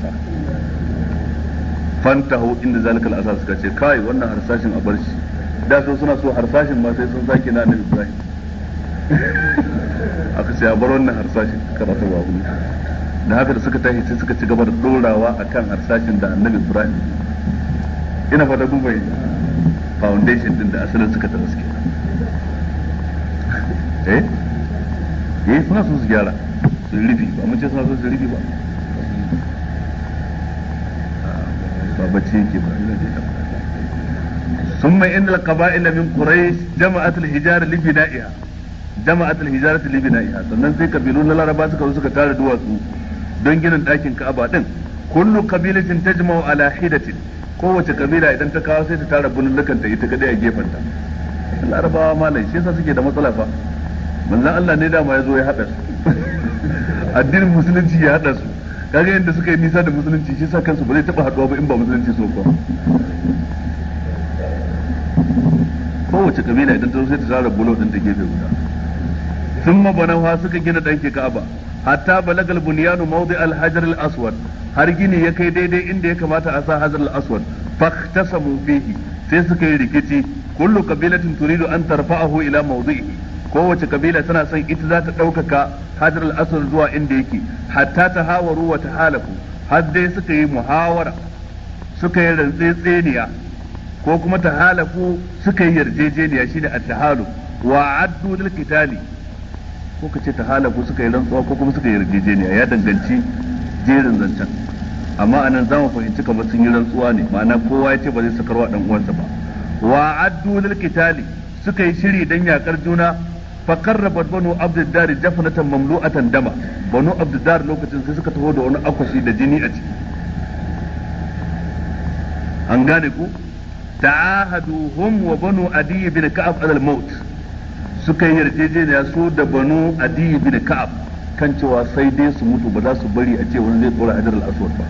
kasa fantahu inda zalika al'asar suka ce kai wannan harsashin a barci da su suna so harsashin ma sai sun sake na annabi ibrahim aka ce a bar wannan harsashin karatu ba kuma da haka da suka tashi sai suka ci gaba da dorawa akan harsashin da annabi ibrahim ina fata kun bai foundation din da asalin suka tara suke eh eh suna so su gyara su rufi ba mun ce suna so su rufi ba ba bacci yake ba ina da ita ثم إن القبائل من قريش جمعت الحجارة لبنائها جمعت الحجارة لبنائها sannan sai kabilu na Laraba suka zo suka tara duwatsu don ginin dakin Ka'aba din kullu qabilatin tajma'u ala hidatin kowace kabila idan ta kawo sai ta tara bulullukan ta ita kadai a gefen ta Larabawa malai shi yasa suke da matsala fa manzon Allah ne dama ya zo ya hada su addinin musulunci ya hada su kaga yadda suka yi nisa da musulunci shi sa kansu ba zai taba haɗuwa ba in ba musulunci so ko kowace kabila idan ta sai ta tsara bulo din ta gefe guda sun mabanawa suka gina ɗanki ka'aba hatta balagal bunyanu mawdi al al aswad har gini ya kai daidai inda ya kamata a sa hajar al aswad faktasamu fihi sai suka yi rikici kullu qabilatin turidu an tarfa'ahu ila mawdi'ihi kowace kabila tana son ita za ta ɗaukaka hajar al'asar zuwa inda yake hatta ta hawaru wa ta halafu har dai suka yi muhawara suka yi rantsetseniya ko kuma ta halafu suka yi yarjejeniya shine a halu wa addu lil kitali ko ka ce ta halafu suka yi rantsuwa ko kuma suka yi yarjejeniya ya danganci jerin zancen amma a za zamu fahimci kamar sun yi rantsuwa ne ma'ana kowa ya ce ba zai sakarwa dan uwansa ba wa addu lil kitali suka yi shiri don yakar juna fa qarrabat banu abdiddar jafnatan mamlu'atan dama banu abdiddar lokacin sai suka taho da wani akwashi da jini a ciki an gane ku ta'ahaduhum wa banu adi bin ka'ab alal maut suka yi yarjejeniya su da banu adi bin ka'ab kan cewa sai dai su mutu ba za su bari a ce wani zai tsora hajar al-aswad ba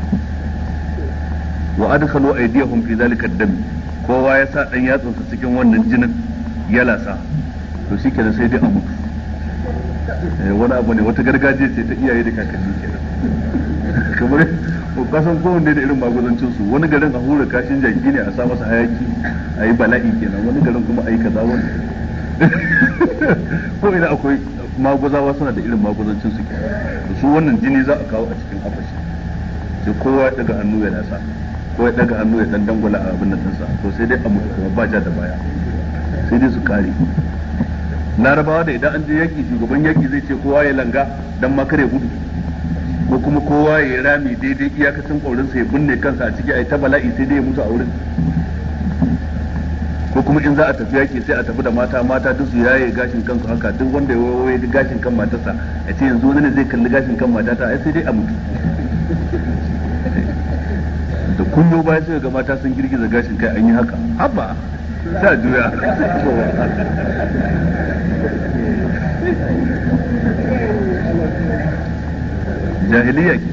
wa adkhalu aydiyahum fi zalika ad-dam kowa ya sa dan yatsunsa cikin wannan jinin ya lasa to shi kenan sai dai a mutu eh, wani abu ne wata gargajiya ce ta iyaye da kakanni kenan kamar kasan kowanne da irin magudancinsu su wani garin a hura kashin jaki ne a sa masa hayaki a yi bala'i kenan wani garin kuma a yi kaza wani ko ina akwai maguzawa suna da irin maguzancin su kenan su wannan jini za a kawo a cikin afashi sai kowa ya daga hannu ya nasa ko ya daga hannu ya dan dangwala a abin da sa to sai dai a mutu kuma ba ja da baya sai dai su kare larabawa da idan an je yaki shugaban yaki zai ce kowa ya langa dan makare gudu ko kuma kowa ya rami daidai iyakacin ƙaurinsa ya binne kansa a ciki a ta bala'i sai dai ya mutu a wurin ko kuma in za a tafi yaki sai a tafi da mata mata duk su yaye gashin kansu haka duk wanda ya waye gashin kan matarsa a ce yanzu wani ne zai kalli gashin kan matata ai sai dai a mutu da kunyo baya sai ga mata sun girgiza gashin kai an yi haka haba sa juya jahiliya ke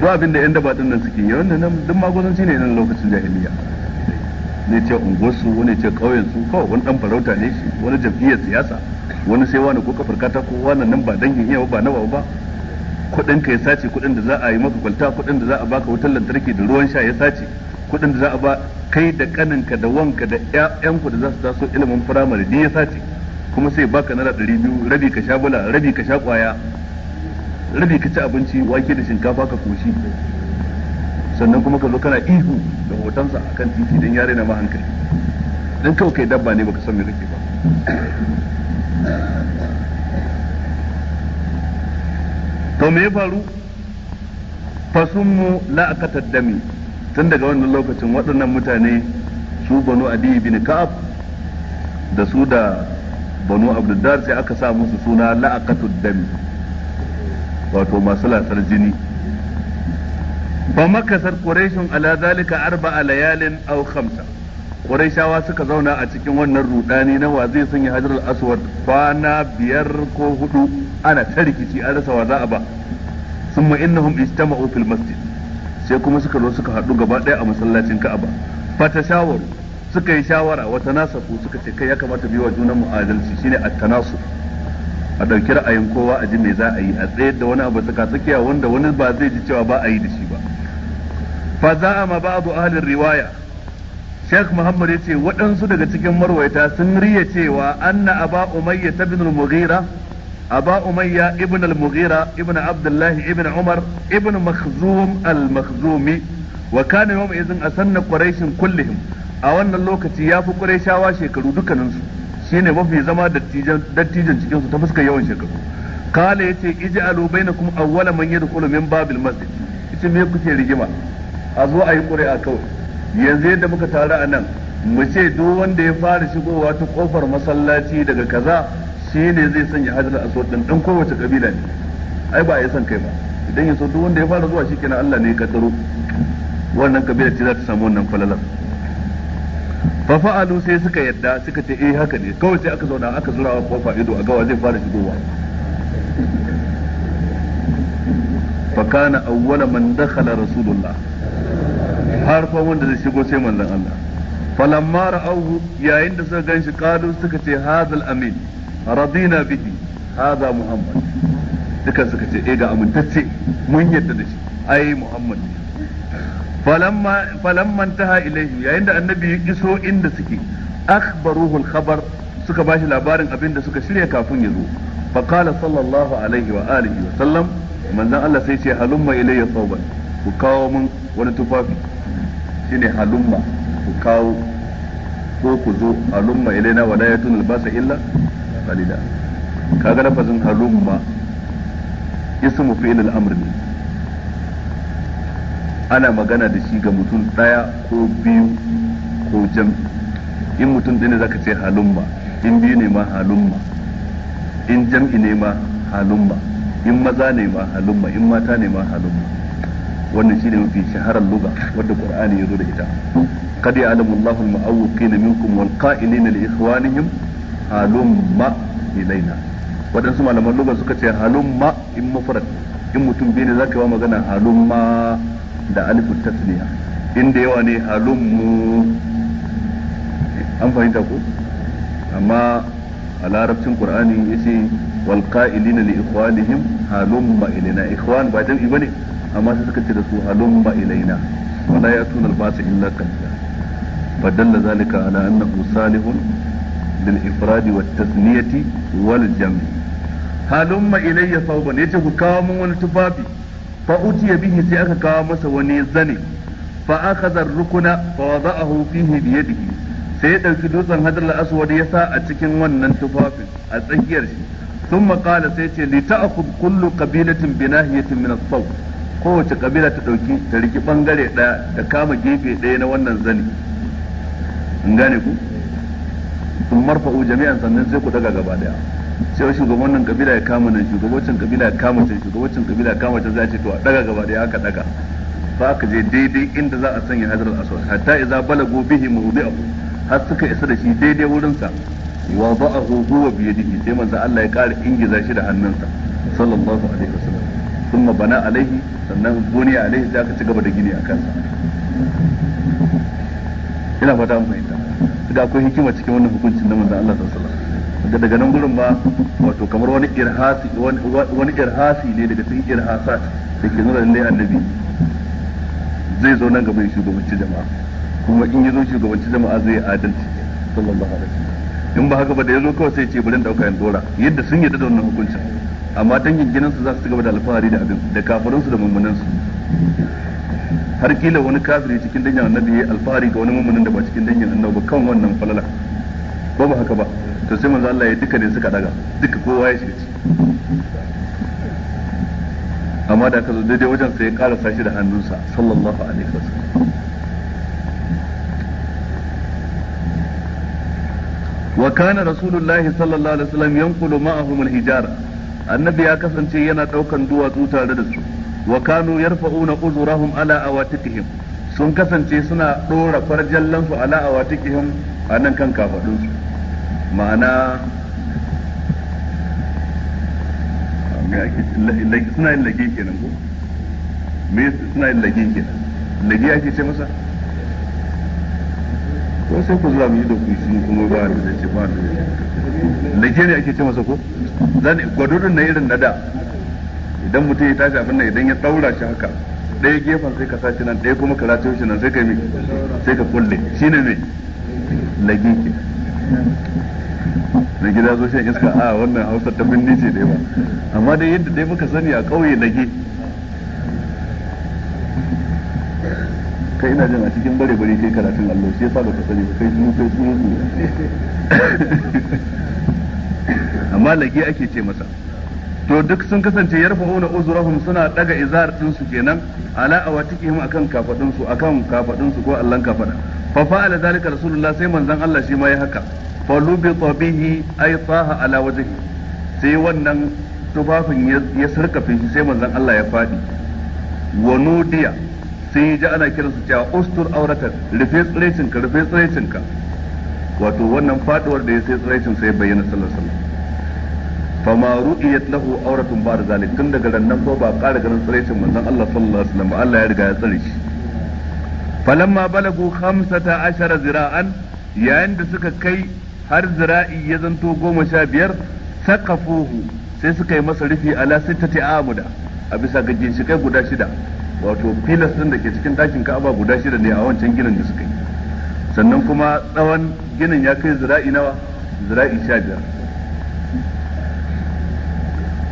duk abin da yan daba din nan suke yi wanda nan duk magudanci ne nan lokacin jahiliya ne ce unguwarsu wani ce ƙauyen su kawai wani dan farauta ne shi wani jam'iyyar siyasa wani sai wani ko kafar katako wani nan ba dangin iya ba nawa ba kuɗin ka ya sace kuɗin da za a yi maka kwalta kuɗin da za a baka wutar lantarki da ruwan sha ya sace kuɗin da za a ba kai da kaninka da wanka da ƴaƴanku da za su taso ilimin firamare ne ya sace kuma sai baka naira ɗari biyu rabi ka sha bula rabi ka sha ƙwaya rabi ka ci abinci wake da shinkafa ka koshi sannan kuma ka zo kana ihu da hotonsa a kan titi don yare na mahankali don kawai kai dabba ne baka san me kake ba to me ya faru fasummu la'akatar dami tun daga wannan lokacin waɗannan mutane su banu adi bin ka'ab da su da banu Abdullahi sai aka sa musu suna la'akatu, dam wato masu lasar jini ba makasar quraishun ala arba a layalin aw khamsa suka zauna a cikin wannan rudani na wa zai sanya hajarul aswad kwana biyar ko hudu ana ta rikici a rasa wa za a ba ma innahum ijtama'u fil masjid sai kuma suka zo suka haɗu gaba ɗaya a masallacin Ka'aba fata shawaru suka yi shawara wata nasafu suka ce kai ya kamata biyo wa junan mu adalci shine ta tanasu a ɗauki ra'ayin kowa a ji me za a yi a tsayar da wani abu tsaka tsakiya wanda wani ba zai ji cewa ba a yi da shi ba fa za a ma ba'du ahalin riwaya Sheikh Muhammad ya ce waɗansu daga cikin marwaita sun riya cewa anna aba umayya ibn al-mughira أبا أمية ابن المغيرة ابن عبد الله ابن عمر ابن مخزوم المخزومي وكان يوم إذن أسن قريش كلهم أولا اللوكة يافو قريشا وشيكرو دكننسو shine mafi zama dattijan cikin su ta fuska yawan shekaru kala yace ij'alu bainakum awwala man yadkhulu min babil masjid yace me kuke rigima a zo ayi qur'a kawai yanzu yadda muka taru a nan mu ce duk wanda ya fara shigowa ta kofar masallaci daga kaza shi ne zai sanya hajjar a din dan kowace ƙabila ne ai ba ya san kai ba idan ya so duk wanda ya fara zuwa shi kenan Allah ne ya kaddaro wannan ƙabila ce za ta samu wannan falalar fa fa'alu sai suka yadda suka ce eh haka ne kawai sai aka zauna aka zura kofa ido a gawa zai fara shigowa fa kana awwala man dakhala rasulullah har fa wanda zai shigo sai manzon Allah falamma ra'awu yayin da suka ganshi qalu suka ce hadal amin radina bihi hadha muhammad duka suka ce eh ga amintacce mun yadda da shi ai muhammad Falamman taha ilaihi yayin da annabi ya iso inda suke akhbaruhu al-khabar suka bashi labarin abin da suka shirya kafin ya zo faqala sallallahu alaihi wa alihi wa sallam manzon Allah sai ce halumma ilayya thawban ku kawo mun wani tufafi shine halumma ku kawo ko ku zo halumma ilaina wa la yatun albasa illa qalila kaga lafazin halum ma ismu fi'il al-amr ne ana magana da shi ga mutum daya ko biyu ko jam in mutum dane ne zaka ce halumma in biyu ne ma halumma in jam'i ne ma halumma in maza ne ma halumma in mata ne ma halumma wannan shine mafi shaharar luga wadda qur'ani ya zo da ita qad ya'lamu Allahu al-mu'awwiqina minkum wal qa'ilina li ikhwanihim halumma ilaina waɗansu malaman lugar suka ce halumma in mufrad in mutum biyu ne zaka yi wa magana halumma da alifun tasniya inda yawa ne halummu an fahimta ko amma a larabcin qur'ani yace wal qa'ilina li ikhwanihim halumma ilaina ikhwan ba jam'i bane amma sai suka ce da su halumma ilaina wala tunal ba basa illa kanta fadalla zalika ala annahu salihun بالإفراد والتثنية والجمع هلم إلي صوبا يجب كام والتفافي فأتي به سيأك كام سواني الزني فأخذ الركن فوضعه فيه بيده سيد الكدوس دوسا هذا الأسود يسا أتكن ون تفافي أتكير ثم قال سيتي لتأخذ كل قبيلة بناهية من الصوب kowace kabila ta ɗauki ta riki ɓangare ɗaya ta kama gefe ɗaya na wannan zani gane ku sun marfa'u jami'an sannan sai ku daga gaba daya sai shugaban nan kabila ya kama nan shugabancin kabila ya kama can shugabancin kabila ya kama can za a ce to a daga gaba daya aka daga ba ka je daidai inda za a sanya hadarar aswad hatta idza balagu bihi mawdi'ahu har suka isa da shi daidai wurinsa wa ba'ahu huwa bi yadihi sai manzo Allah ya ƙara ingiza shi da hannunsa sallallahu alaihi wasallam thumma bana alaihi sannan buniya alaihi sai aka ci gaba da gini a kansa ina fata an fahimta ga akwai hikima cikin wannan hukuncin na manzon Allah sallallahu alaihi wasallam daga nan gurin ba wato kamar wani irhasi wani irhasi ne daga cikin irhasat da ke nuna lalle annabi zai zo nan gaba ya shugabanci jama'a kuma in ya zo shugabanci jama'a zai adalci sallallahu alaihi wasallam in ba haka ba da yazo kawai sai ce bari dauka yan dora yadda sun yi da wannan hukuncin amma dangin gidansu za su ci gaba da alfahari da abin da kafirinsu da su har kila wani kafiri cikin dangin annabi ya alfahari ga wani mummunin da ba cikin danyen annabi kan wannan falala ko ba haka ba to sai manzo Allah ya duka ne suka daga duka kowa ya shiga amma da aka zo daidai wajen sai ya karasa sashi da hannunsa sallallahu alaihi wasallam wa kana rasulullahi sallallahu alaihi wasallam yanqulu ma'ahum al-hijara annabi ya kasance yana daukan duwatsu tare da su wa kanu yarfa'una uzurahum ala awatiqihim sun kasance suna dora farjallansu su ala awatiqihim a nan kan kafadun su ma'ana suna yin lage kenan ko me suna yin lage kenan lage ake ce masa ko sai ku zuwa mu yi da ku kuma ba da zai ce ba da zai lage ne ake ce masa ko zan gwadodin na irin na da idan mutum ya tashi abin nan idan ya daura shi haka ɗaya gefen sai ka sace nan ɗaya kuma ka rataye shi nan sai ka mi sai ka kulle shine me lagi ke na gida zo shan iska a ah, wannan hausa ta binni ce dai ba amma dai yadda dai muka sani a ƙauye lage kai ina jin a cikin bare bare kai karatun allo shi yasa baka sani kai sun kai sun amma lage ake ce masa to duk sun kasance yarfa'una uzurahun suna daga izar din su kenan ala awatikihim akan kafadun su akan kafadun su ko Allah kafada fa fa'ala zalika rasulullah sai manzon Allah shi ma ya haka fa lubi tabihi ay taha ala wajhi sai wannan tufafin ya sarka shi sai manzon Allah ya fadi wa nudiya sai ji ana kiransu cewa ustur auratar rufe tsiraicinka rufe tsiraicinka wato wannan faduwar da ya sai tsiraicin sai bayyana sallallahu alaihi wasallam fama ru'iyat lahu auratun ba da zalik tun daga rannan ko ba ƙara ganin tsaraicin manzon Allah sallallahu alaihi wasallam Allah ya riga ya tsare shi falamma balagu khamsata ashara zira'an yayin da suka kai har zira'i ya zanto goma sha biyar sakafuhu sai suka yi masa rufi ala sittati amuda a bisa ga ginshikai guda shida wato filas din da ke cikin ɗakin ka'aba guda shida ne a wancan ginin da suka yi sannan kuma tsawon ginin ya kai zira'i nawa zira'i sha biyar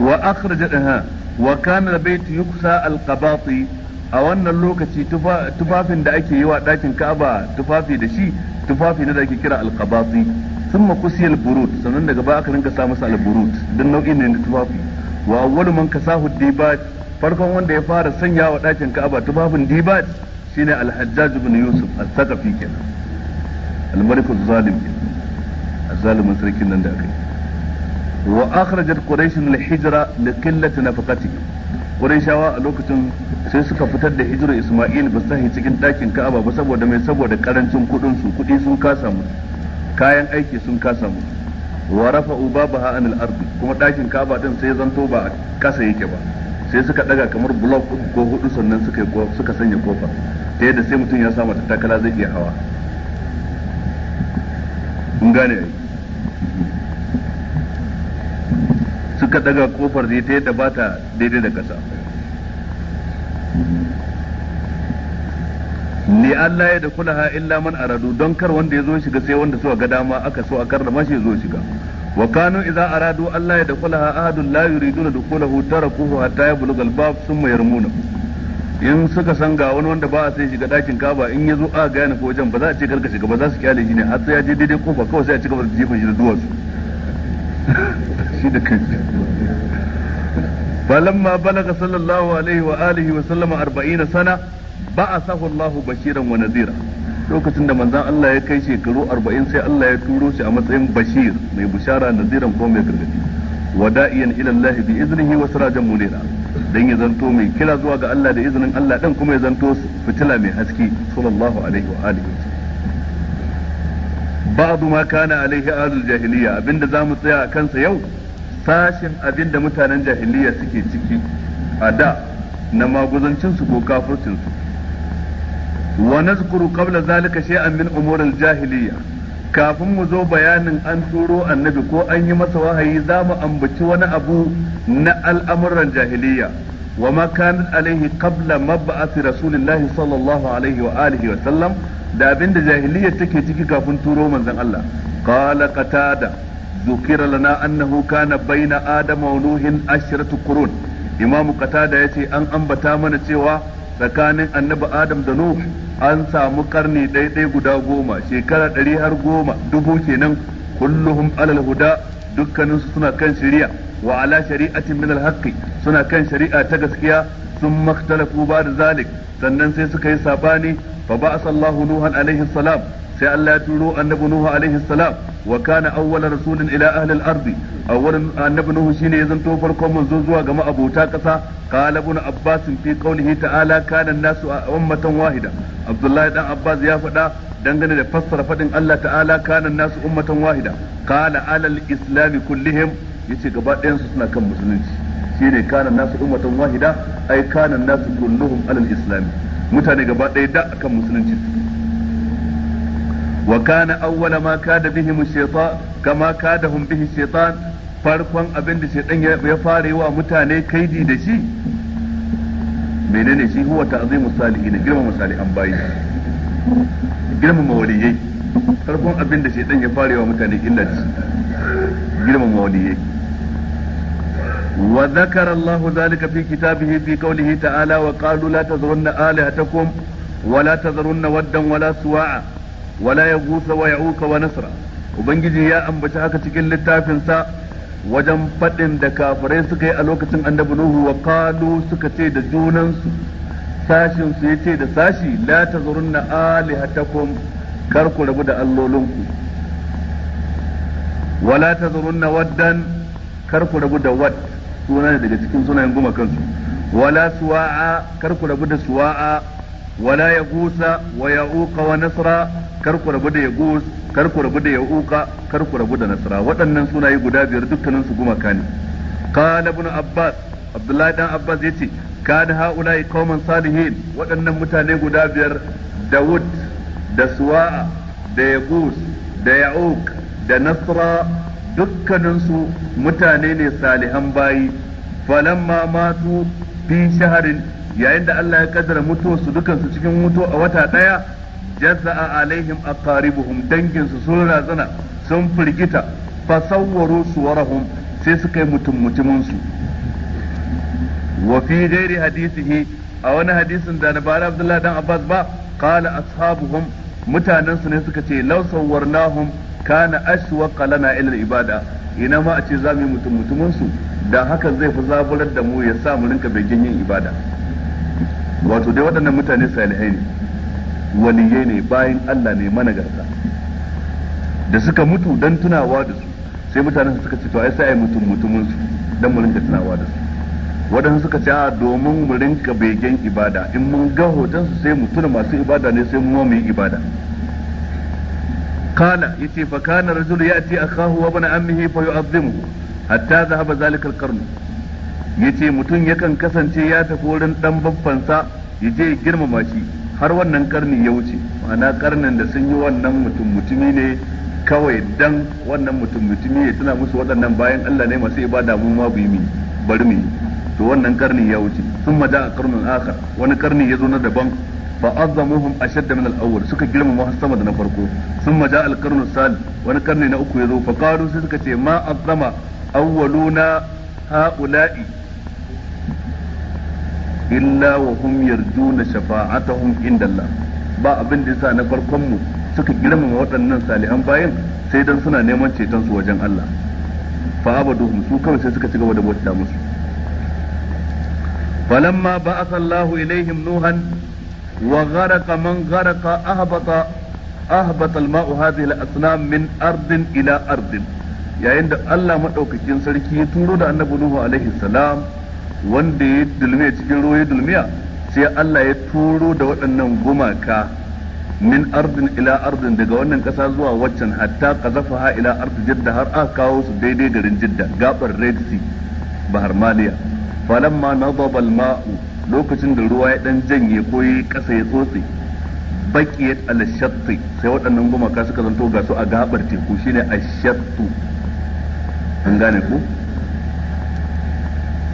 wa akhrajatha wa kana albayt yuksa a wannan lokaci tufafin da ake yi wa ɗakin Ka'aba tufafi da shi tufafi da ake kira alqabati thumma kusiyal burut sannan daga ba aka rinka sa dan nau'in na tufafi wa awwalu man dibat farkon wanda ya fara sanya wa ɗakin Ka'aba tufafin dibat shine al ibn Yusuf al-Thaqafi kenan al-Malik az-Zalim az-Zalimin sarkin nan da aka yi wa akhrajat quraish al hijra li qillati nafaqatihi quraishawa a lokacin sai suka fitar da hijira isma'il ba sai cikin dakin ka'aba ba saboda mai saboda karancin kudin su kudi sun kasa mu kayan aiki sun kasa mu wa rafa'u babaha anil ardi kuma dakin ka'aba din sai zanto ba kasa yake ba sai suka daga kamar block uku ko hudu sannan suka suka sanya kofa ta yadda sai mutum ya samu takala zai iya hawa kun gane suka daga kofar ne ta yadda ba ta daidai da ƙasa ne Allah ya da kula ha illa man aradu don kar wanda ya zo shiga sai wanda suka ga dama aka so a karrama shi ya zo shiga wa kanu idza aradu Allah ya da kula ha ahadun la yuriduna dukulahu tarakuhu hatta yablugal bab summa yarmuna in suka san ga wani wanda ba a sai shiga dakin kaba in ya zo a ga yana ko wajen ba za a ce karka shiga ba za su kyale shi ne har sai ya je daidai kofa kawai sai a cika da jefa shi da duwatsu shi da kanshi balaga sallallahu alaihi wa alihi wa sallama 40 sana ba'athahu Allahu bashiran wa nadhira lokacin da manzan Allah ya kai shekaru 40 sai Allah ya turo shi a matsayin bashir mai bushara nadiran ko mai gargadi wada'iyan ila Allah bi iznihi wa sirajan munira dan ya zanto mai kira zuwa ga Allah da izinin Allah dan kuma ya zanto fitila mai haske sallallahu alaihi wa alihi ba'du ma kana alaihi azul jahiliya abinda zamu tsaya a kansa yau sashin abinda mutanen jahiliya suke ciki a da na maguzancin su ko kafircin su wa nazkuru qabla zalika shay'an min umuril jahiliya kafin mu zo bayanin an turo annabi ko an yi masa wahayi za mu ambaci wani abu na al'amuran jahiliya وما كانت عليه قبل مبعث رسول الله صلى الله عليه وآله وسلم da abin da jahiliya take ciki kafin turo manzon Allah qala qatada zukira lana annahu kana baina adama wa nuhin ashratu qurun imam qatada yace an ambata mana cewa tsakanin annabi adam da nuh an samu karni daidai guda goma shekara ɗari har goma dubu kenan kulluhum alal huda dukkaninsu suna kan shari'a wa ala shari'atin min al-haqqi suna kan shari'a ta gaskiya sun makhtalafu ba da zalik sannan sai suka yi sabani fa ba'asallahu Allahu nuhan alaihi salam sai Allah ya turo annabi Nuhu alaihi salam wa kana awwala rasulin ila ahli al-ard awwalan annabi Nuhu shine ya zanto farkon manzo zuwa ga ma'abota kasa qala ibn Abbas fi qawlihi ta'ala kana nasu ummatan wahida Abdullahi dan Abbas ya faɗa dangane da fassara fadin Allah ta'ala kana nasu ummatan wahida qala alal islami kullihim yace gaba ɗayan su suna kan musulunci shine kana nasu ummatan wahida ai kana nasu kulluhum alal islami mutane gaba ɗaya da akan musulunci وكان أول ما كاد بهم الشيطان كما كادهم به الشيطان farkon abin da shaitan ya fara yi wa mutane kaidi da shi menene shi huwa ta'zimu salihin girmama salihan bayi girmama waliyai farkon abin da shaitan ya fara yi wa mutane illa da shi girmama waliyai wa zakara Allah zalika fi kitabihi fi qawlihi ta'ala wa qalu la tazrunna alihatakum wa la tazrunna waddan wa la suwa'a wala ya gusa wa ya'uka wa nasra ubangiji ya ambaci haka cikin littafinsa wajen faɗin da kafurai suka yi a lokacin annabi nuhu wa qalu suka ce da junansu sashin su yace da sashi la tazurunna alihatakum kar ku rabu da allolinku wala tazurunna waddan kar ku rabu da daga cikin sunayen wala kar ku rabu da wala ya gusa wa ya uka wa nasra kar ku rabu da ya uka kar ku rabu da waɗannan sunaye guda biyar dukkanin su gumaka ne qala abbas abdullahi dan abbas yace kana haula'i qauman salihin waɗannan mutane guda biyar dawud da suwa'a da ya da ya'uq da nasra dukkaninsu mutane ne salihan bayi falamma matu fi shaharin yayin da Allah ya kaddara mutuwar su dukan su cikin mutuwa a wata daya jazza'a alaihim aqaribuhum dangin su sun razana sun firgita sawwaru suwarahum sai suka yi mutum mutumin su wa fi ghairi hadisihi a wani hadisin da nabara Abdullah dan Abbas ba qala ashabuhum mutanen su ne suka ce law sawwarnahum kana ashwaqa lana ila ibada ina ma a ce za mu yi mutum mutumin su da hakan zai fi zaburar da mu ya sa mu rinka begen yin ibada wato dai waɗannan mutane salihai ne waliyai ne bayan Allah ne managarta da suka mutu don tunawa da su sai mutanen suka ce to ai sai ai mutum mutumin su dan mu rinka tunawa da su waɗansu suka ce a domin mu rinka begen ibada in mun ga hoton su sai mu tuna masu ibada ne sai mu mu yi ibada قال يتي an الرجل يأتي أخاه وابن أمه فيعظمه حتى ذهب ذلك ya yace mutum yakan kasance ya tafi wurin dan babbansa ya je ya girmama shi har wannan karni ya wuce ma'ana karnin da sun yi wannan mutum mutumi ne kawai dan wannan mutum mutumi ya tuna musu waɗannan bayan Allah ne masu ibada mu ma bi bari mu to wannan karni ya wuce sun maja a karnin akhar wani karni ya zo na daban fa azzamuhum ashadda min al-awwal suka girmama har sama da na farko sun maja al karnu sal wani karni na uku ya zo fa qalu sai suka ce ma azzama awwaluna ha'ula'i illa wa hum yarjuna shafa'atahum inda ba abin da yasa na farkon mu suka girmama waɗannan salihan bayan sai dan suna neman ceton su wajen Allah fa abaduhum su kawai sai suka ci gaba da bauta musu falamma ba'atha Allah ilaihim nuhan wa gharaqa man gharaqa ahbata ahbata al-ma'u hadhihi al-asnam min ardin ila ardin yayin da Allah madaukakin sarki ya turo da annabi Nuhu alaihi salam wanda ya dulmiya cikin ruwa ya dulmiya sai Allah ya turo da waɗannan gumaka min ardin ila ardin daga wannan ƙasa zuwa waccan hatta ha ila ardin jidda har aka kawo su daidai garin jidda gabar red sea bahar maliya falamma na babal mau lokacin da ruwa ya ɗan janye ko yi ƙasa ya tsotse baki ya shatti sai waɗannan gumaka suka zanto ga su a gabar teku shine ash an gane ku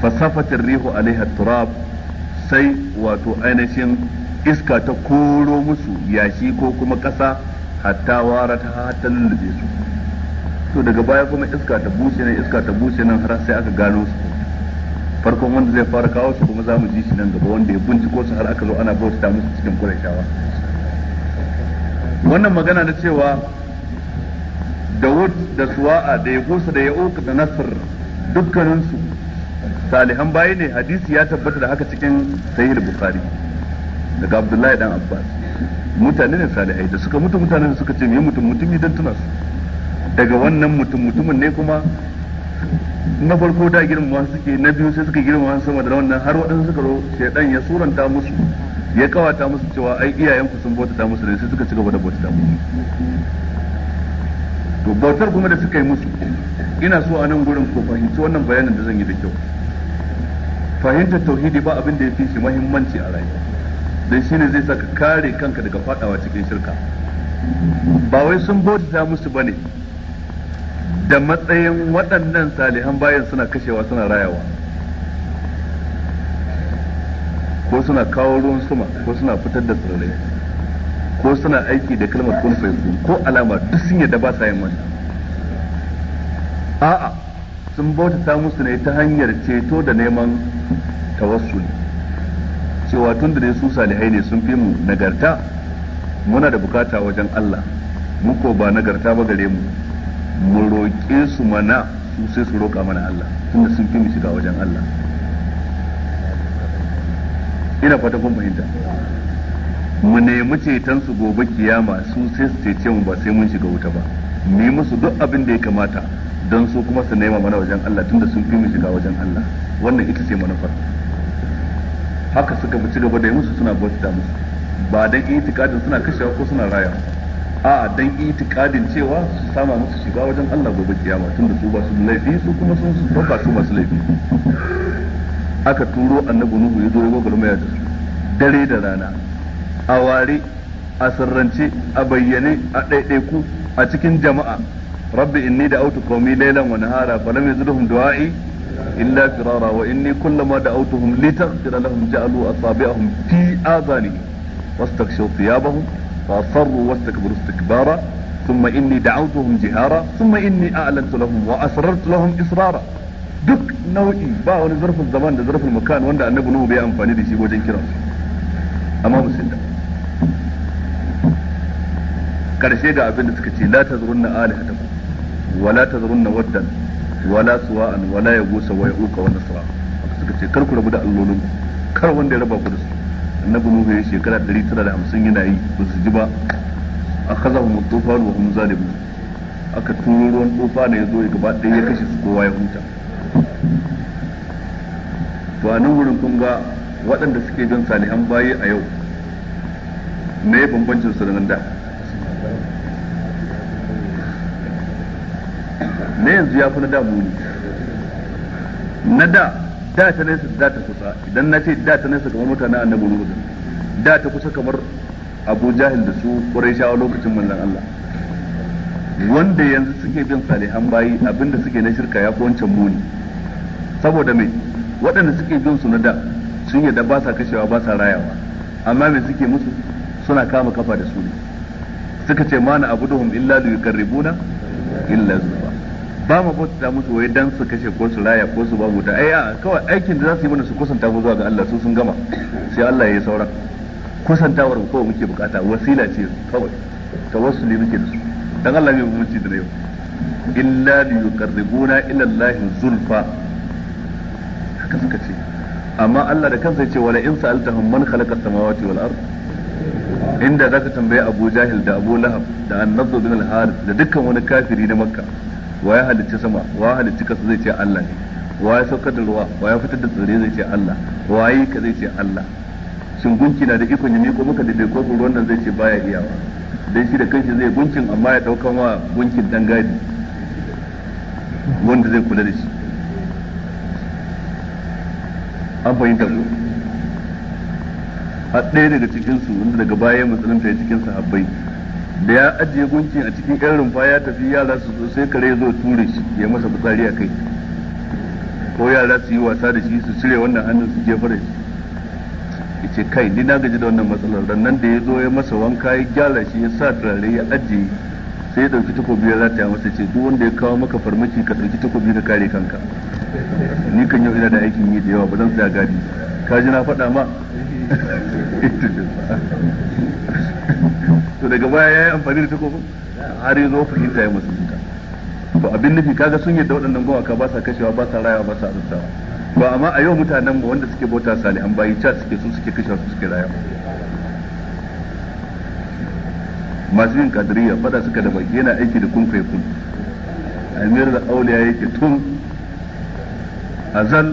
fasafat rihu alaiha turab sai wato ainihin iska ta koro musu yashi ko kuma kasa hatta wara ta hatta lullube su to daga baya kuma iska ta bushe ne iska ta bushe nan har sai aka gano su farkon wanda zai fara kawo su kuma za mu ji shi nan gaba wanda ya binciko su har aka zo ana bauta musu cikin shawa. wannan magana na cewa Dawud da Suwa'a da ya Yahusa da Ya'uq da Nasr dukkaninsu salihan bayi ne hadisi ya tabbata da haka cikin sahih bukhari daga abdullahi dan abbas mutane ne salihai da suka mutu mutane da suka ce mai mutum mutumi idan tuna su daga wannan mutum mutumin ne kuma na farko da girma suke na biyu sai suka girmama sama da wannan har waɗansu suka ro shaidan ya suranta musu ya kawata musu cewa ai iyayenku sun bautata musu ne sai suka ci gaba da bautata musu to bautar kuma da suka yi musu ina so a nan gurin ko fahimci wannan bayanin da zan yi da kyau fahimtar tauhidi ba abin da ya fi shi muhimmanci a rayuwa don shine zai saka kare kanka daga fadawa cikin shirka ba wai sun bautata musu bane da matsayin waɗannan salihan bayan suna kashewa suna rayawa ko suna kawo ruwan sama ko suna fitar da tsirrai ko suna aiki da kalmar kun ko alama duk sun yadda ba sa yin wannan a'a sun bauta musu ne ta hanyar ceto da neman tawassuli cewa tun da su salihai ne sun fi mu nagarta muna da bukata wajen Allah mu ko ba nagarta ba gare mu mu roƙe su mana su sai su roƙa mana Allah tun da sun fi mu shiga wajen Allah ina fata kun fahimta mu nemi ceton su gobe kiyama su sai su cece mu ba sai mun shiga wuta ba mu yi musu duk abin da ya kamata don su kuma su nema mana wajen Allah tunda sun fi mu shiga wajen Allah wannan ita ce manufar haka suka ci gaba da yi musu suna bauta musu ba dan itikadin suna kashewa ko suna raya a dan itikadin cewa su sama musu shiga wajen Allah gobe kiyama tunda su ba su laifi su kuma sun su ba su masu laifi aka turo annabi nuhu ya zo ya gogoro mai dare da rana a ware a sirrance a bayyane a ɗaiɗaiku a cikin jama'a رب إني دعوت قومي ليلا ونهارا فلم يزدهم دعائي إلا فرارا وإني كلما دعوتهم لتغفر لهم جعلوا أصابعهم في آذانهم واستغشوا ثيابهم فأصروا واستكبروا استكبارا ثم إني دعوتهم جهارا ثم إني أعلنت لهم وأسررت لهم إصرارا دك نوئي باعوا لظرف الزمان لظرف المكان وندا أن نبنوه بيان فاني شيء وجن كراس أمام السنة كرشيدة أبنت كتي لا تذرن آلهة wala na waddan wala an wala yagusa wa yauqa wa nasra suka ce kar ku rabu da allolin kar wanda ya raba ku da su annabi nuhu ya shekara 950 yana yi ba su ji ba akhazahum at-tufan wa hum mu aka turo ruwan tufa ne yazo ya gaba ɗaya ya kashe su kowa ya huta to a nan wurin kun ga waɗanda suke jan salihan bayi a yau me bambancin su da nan da na yanzu ya fi na da muni na da da ta nesa da ta kusa idan na ce da ta nesa kamar mutanen annabi nuhu da ta kusa kamar abu jahil da su shawa lokacin manzon Allah wanda yanzu suke bin salihan bayi abinda suke na shirka ya wancan muni saboda mai waɗanda suke bin su na da sun yadda ba sa kashewa ba sa rayawa amma mai suke musu suna kama kafa da su ne suka ce mana abuduhum illa liyuqarribuna illa zuwa ba mu bauta musu wai dan su kashe ko su raya ko su ba mu ta ai a kawai aikin da za su yi mana su kusanta mu zuwa ga Allah su sun gama sai Allah ya yi sauran kusantawar ko muke bukata wasila ce kawai ta wasu ne muke da su dan Allah ne mu ci da yau illa bi yuqarribuna ila Allah zulfa haka suka ce amma Allah da kansa ya ce wala in sa'altahum man khalaqa samawati wal ard inda za ka tambaye abu jahil da abu lahab da annabdu bin al-harith da dukkan wani kafiri na makka wa ya halicci sama wa halicci kasa zai ce Allah ne wa ya saukar da ruwa wa ya fitar da tsire zai ce Allah wa yi ka zai ce Allah shin gunki na da ikon ya miko maka daidai ko ruwan nan zai ce baya iyawa dan shi da kanshi zai gunkin amma ya ɗauka ma gunkin dan gadi wanda zai kula da shi an fahimta ku a ɗaya daga cikinsu wanda daga baya musulunta ya cikin sahabbai da ya ajiye gunkin a cikin yan rumfa ya tafi yara su zo sai kare zo ture shi ya masa bukari a kai ko yara su yi wasa da shi su cire wannan hannun su jefar shi ce kai ni na gaji da wannan matsalar rannan da ya zo ya masa wanka ya gyara shi ya sa turare ya ajiye sai ya dauki takobi ya rataya masa ce duk wanda ya kawo maka farmaki ka dauki takobi ka kare kanka ni kan yau ina da aikin yi da yawa ba zan tsaya gadi ka ji na faɗa ma daga baya ya yi amfani da takobin har yi zo fahimta ya cuta. Ba abin nufi kaga sun yadda waɗannan gowaka ba sa kashewa ba sa rayawa ba sa azabtawa ba amma a yau mutanen mu wanda suke bauta an bayi ca suke su suke kashewa su suke rayawa masu yin kadiriyya fada suka da baki yana aiki da kun kai kun amir da auliya yake tun azal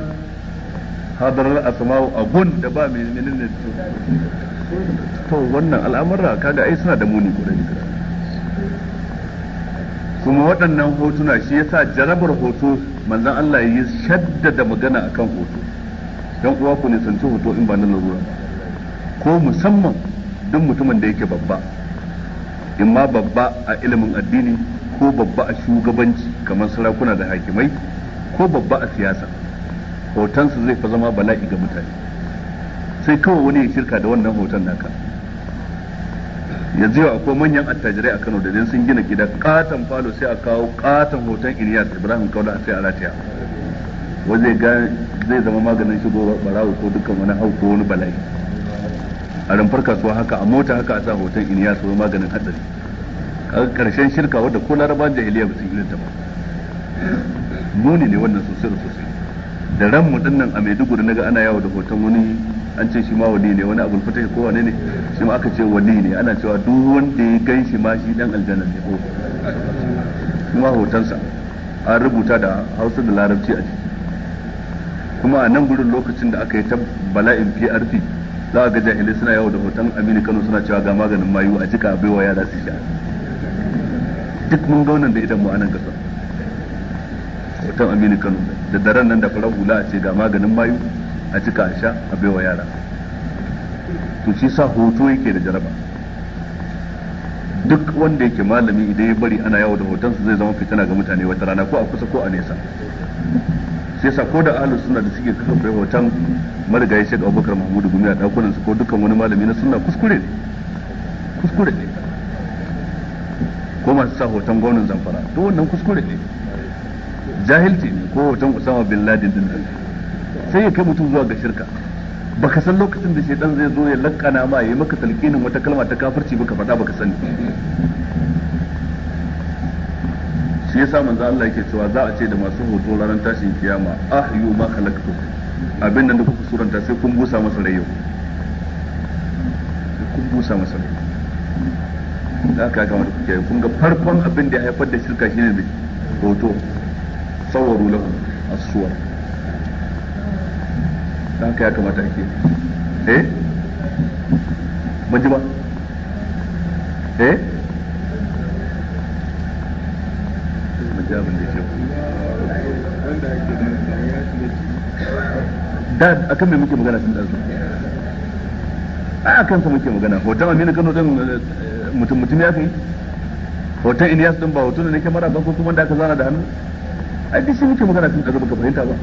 hadarar asma'u abun da ba mai menene to wannan al'amura kaga ai suna da muni ko da kuma waɗannan hotuna shi yasa jarabar hoto manzon Allah ya yi shaddada magana akan hoto dan uwa ku ne hoto in ba na larura ko musamman duk mutumin da yake babba in ma babba a ilimin addini ko babba a shugabanci kamar sarakuna da hakimai ko babba a siyasa hotonsa zai fa zama bala'i ga mutane sai kawai wani ya shirka da wannan hoton naka yanzu yau ko manyan attajirai a Kano da zai sun gina gida katon falo sai a kawo katon hoton Iliyas Ibrahim Kaula a sai a ratiya wanda ga zai zama maganin shigo barawo ko dukkan wani hau ko wani bala'i a rumfar kasuwa haka a mota haka a sa hoton Iliyas ko maganin hadari karshen shirka wadda ko larabar jahiliya ba su irin ta ba nuni ne wannan sosai da sosai da ran mu dinnan a Maiduguri naga ana yawo da hoton wani an ce shi ma wali ne wani abul fatah ko wane ne shi ma aka ce wali ne ana cewa duk wanda ya gan shi ma shi dan aljanna ne ko oh. kuma hotonsa an rubuta da Hausa da Larabci a ciki kuma a nan gurin lokacin da aka yi ta bala'in PRP za a ga jahilai suna yawo da hoton Aminu Kano suna cewa ga maganin mayu a jika a baiwa yara su sha duk mun ga wannan da idan mu anan kasar hoton aminu kano da daren nan da fara hula a ce ga maganin mayu a cika a sha a baiwa yara to shi sa hoto yake da jaraba duk wanda yake malami idan ya bari ana yawo da hotonsa zai zama fitina ga mutane wata rana ko a kusa ko a nesa sai sa ko da ahlus sunna da suke kafa bai hoton marigayi shek Abubakar Mahmudu Gumi a dakunan su ko dukkan wani malami na sunna kuskure ne kuskure ne ko masu sa hoton gwamnan zamfara to wannan kuskure ne jahilci ne ko hoton Usama bin ladin din sai ya kai mutum zuwa ga shirka baka san lokacin da shaitan zai zo ya lakana ma ya maka talqinin wata kalma ta kafirci baka faɗa baka sani shi yasa manzo Allah yake cewa za a ce da masu hoto ranar tashin kiyama ahyu ma khalaqtu abin nan da kuka suranta sai kun busa masa rai yau kun busa masa rai da aka kama da kuke kun ga farkon abin da ya haifar da shirka shine ne hoto fasawwaru lahum as dan ka ya kamata ake eh ban ji ba eh da akan me muke magana sun dazu a akan sa muke magana hoton amina Kano din eh, mutum mutum ya fi hoton Ilyas din ba hoton ne kamar ba ko kuma da aka zana da hannu ai duk shi muke magana tun da baka fahimta ba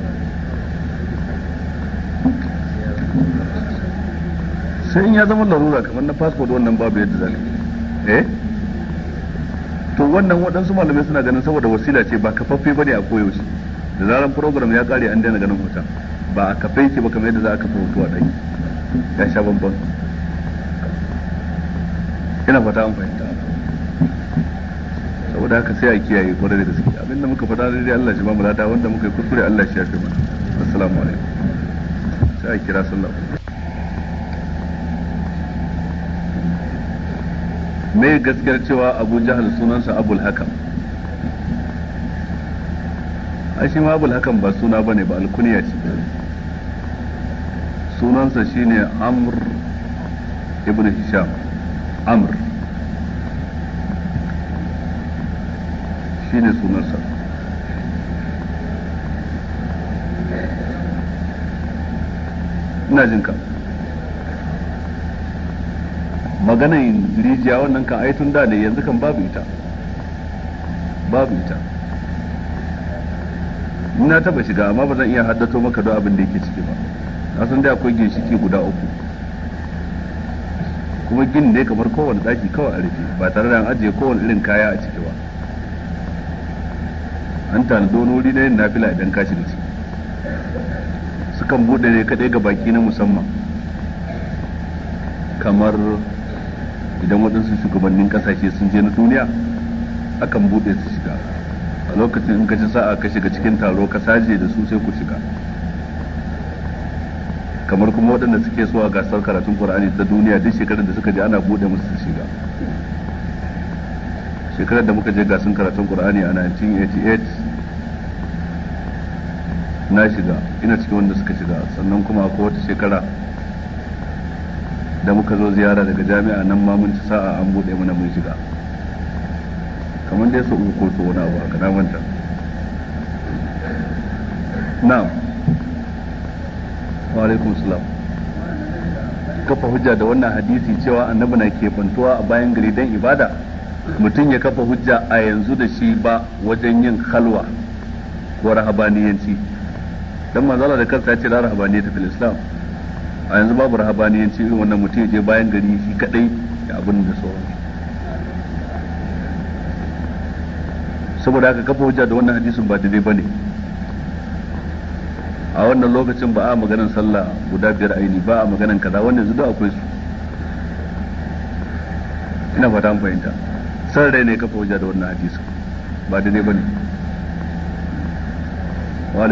sai in ya zama larura kamar na fasfod wannan babu yadda zaka eh to wannan waɗansu malamai suna ganin saboda wasila ce ba kafaffe ba ne a koyaushe da zaran program ya ƙare an daina ganin hoton ba a kafai ce ba kamar yadda za a kafa hoto a ɗaki ya sha bambam ina fata an fahimta saboda haka sai a kiyaye kwarai da gaske abinda muka faɗa dai Allah shi ba mu lada wanda muka yi kuskure Allah shi ya fi mana assalamu alaikum sai a kira sallah me gaskiyar cewa Abu Jahal sunansa Abul Hakam ai shi ma Abul Hakam ba suna bane ba alkuniya ce sunansa shine Amr ibn Hisham Amr ne sunansa ina jin ka rijiya wannan kan ai da ne yanzu kan babu ita babu ita ina taba shiga amma ba zan iya haddato maka don abin da yake ciki ba na san da akwai ginshiki guda uku kuma gini ne kamar kowane daki kawai a rufe ba tare da an ajiye kowane irin kaya a ciki ba an tanadi wani wuri na yin nafila idan ka shiga ciki sukan bude ne kadai ga baki na musamman kamar idan waɗansu shugabannin ƙasashe sun je na duniya akan bude su shiga a lokacin in ka sa'a ka shiga cikin taro ka saje da su sai ku shiga kamar kuma waɗanda suke so a gasar karatun qur'ani ta duniya duk shekarar da suka je ana bude musu su shiga shekarar da muka je gasin karatun qur'ani a 1988 na shiga ina cikin wanda suka shiga sannan kuma akwai wata shekara da muka zo ziyara daga jami'a nan ma mun ci sa'a an buɗe mana mun shiga kamar dai su uku ko su wani abu a na manta na'am wa alaikum salam kafa hujja da wannan hadisi cewa annabi na ke bantuwa a bayan gari dan ibada mutum ya kafa hujja a yanzu da shi ba wajen yin halwa ko rahabaniyanci dan manzala da kansa ya ce la rahabaniyata fil islam a yanzu babu rahabaniyanci irin wannan mutum ya je bayan gari shi kadai da abin da sauran saboda haka kafa hujja da wannan hadisin ba daidai bane a wannan lokacin ba a maganin sallah guda biyar aini ba a maganin kaza wannan yanzu duk akwai su ina fata an fahimta son rai ne kafa hujja da wannan hadisi ba da ne ba ne wa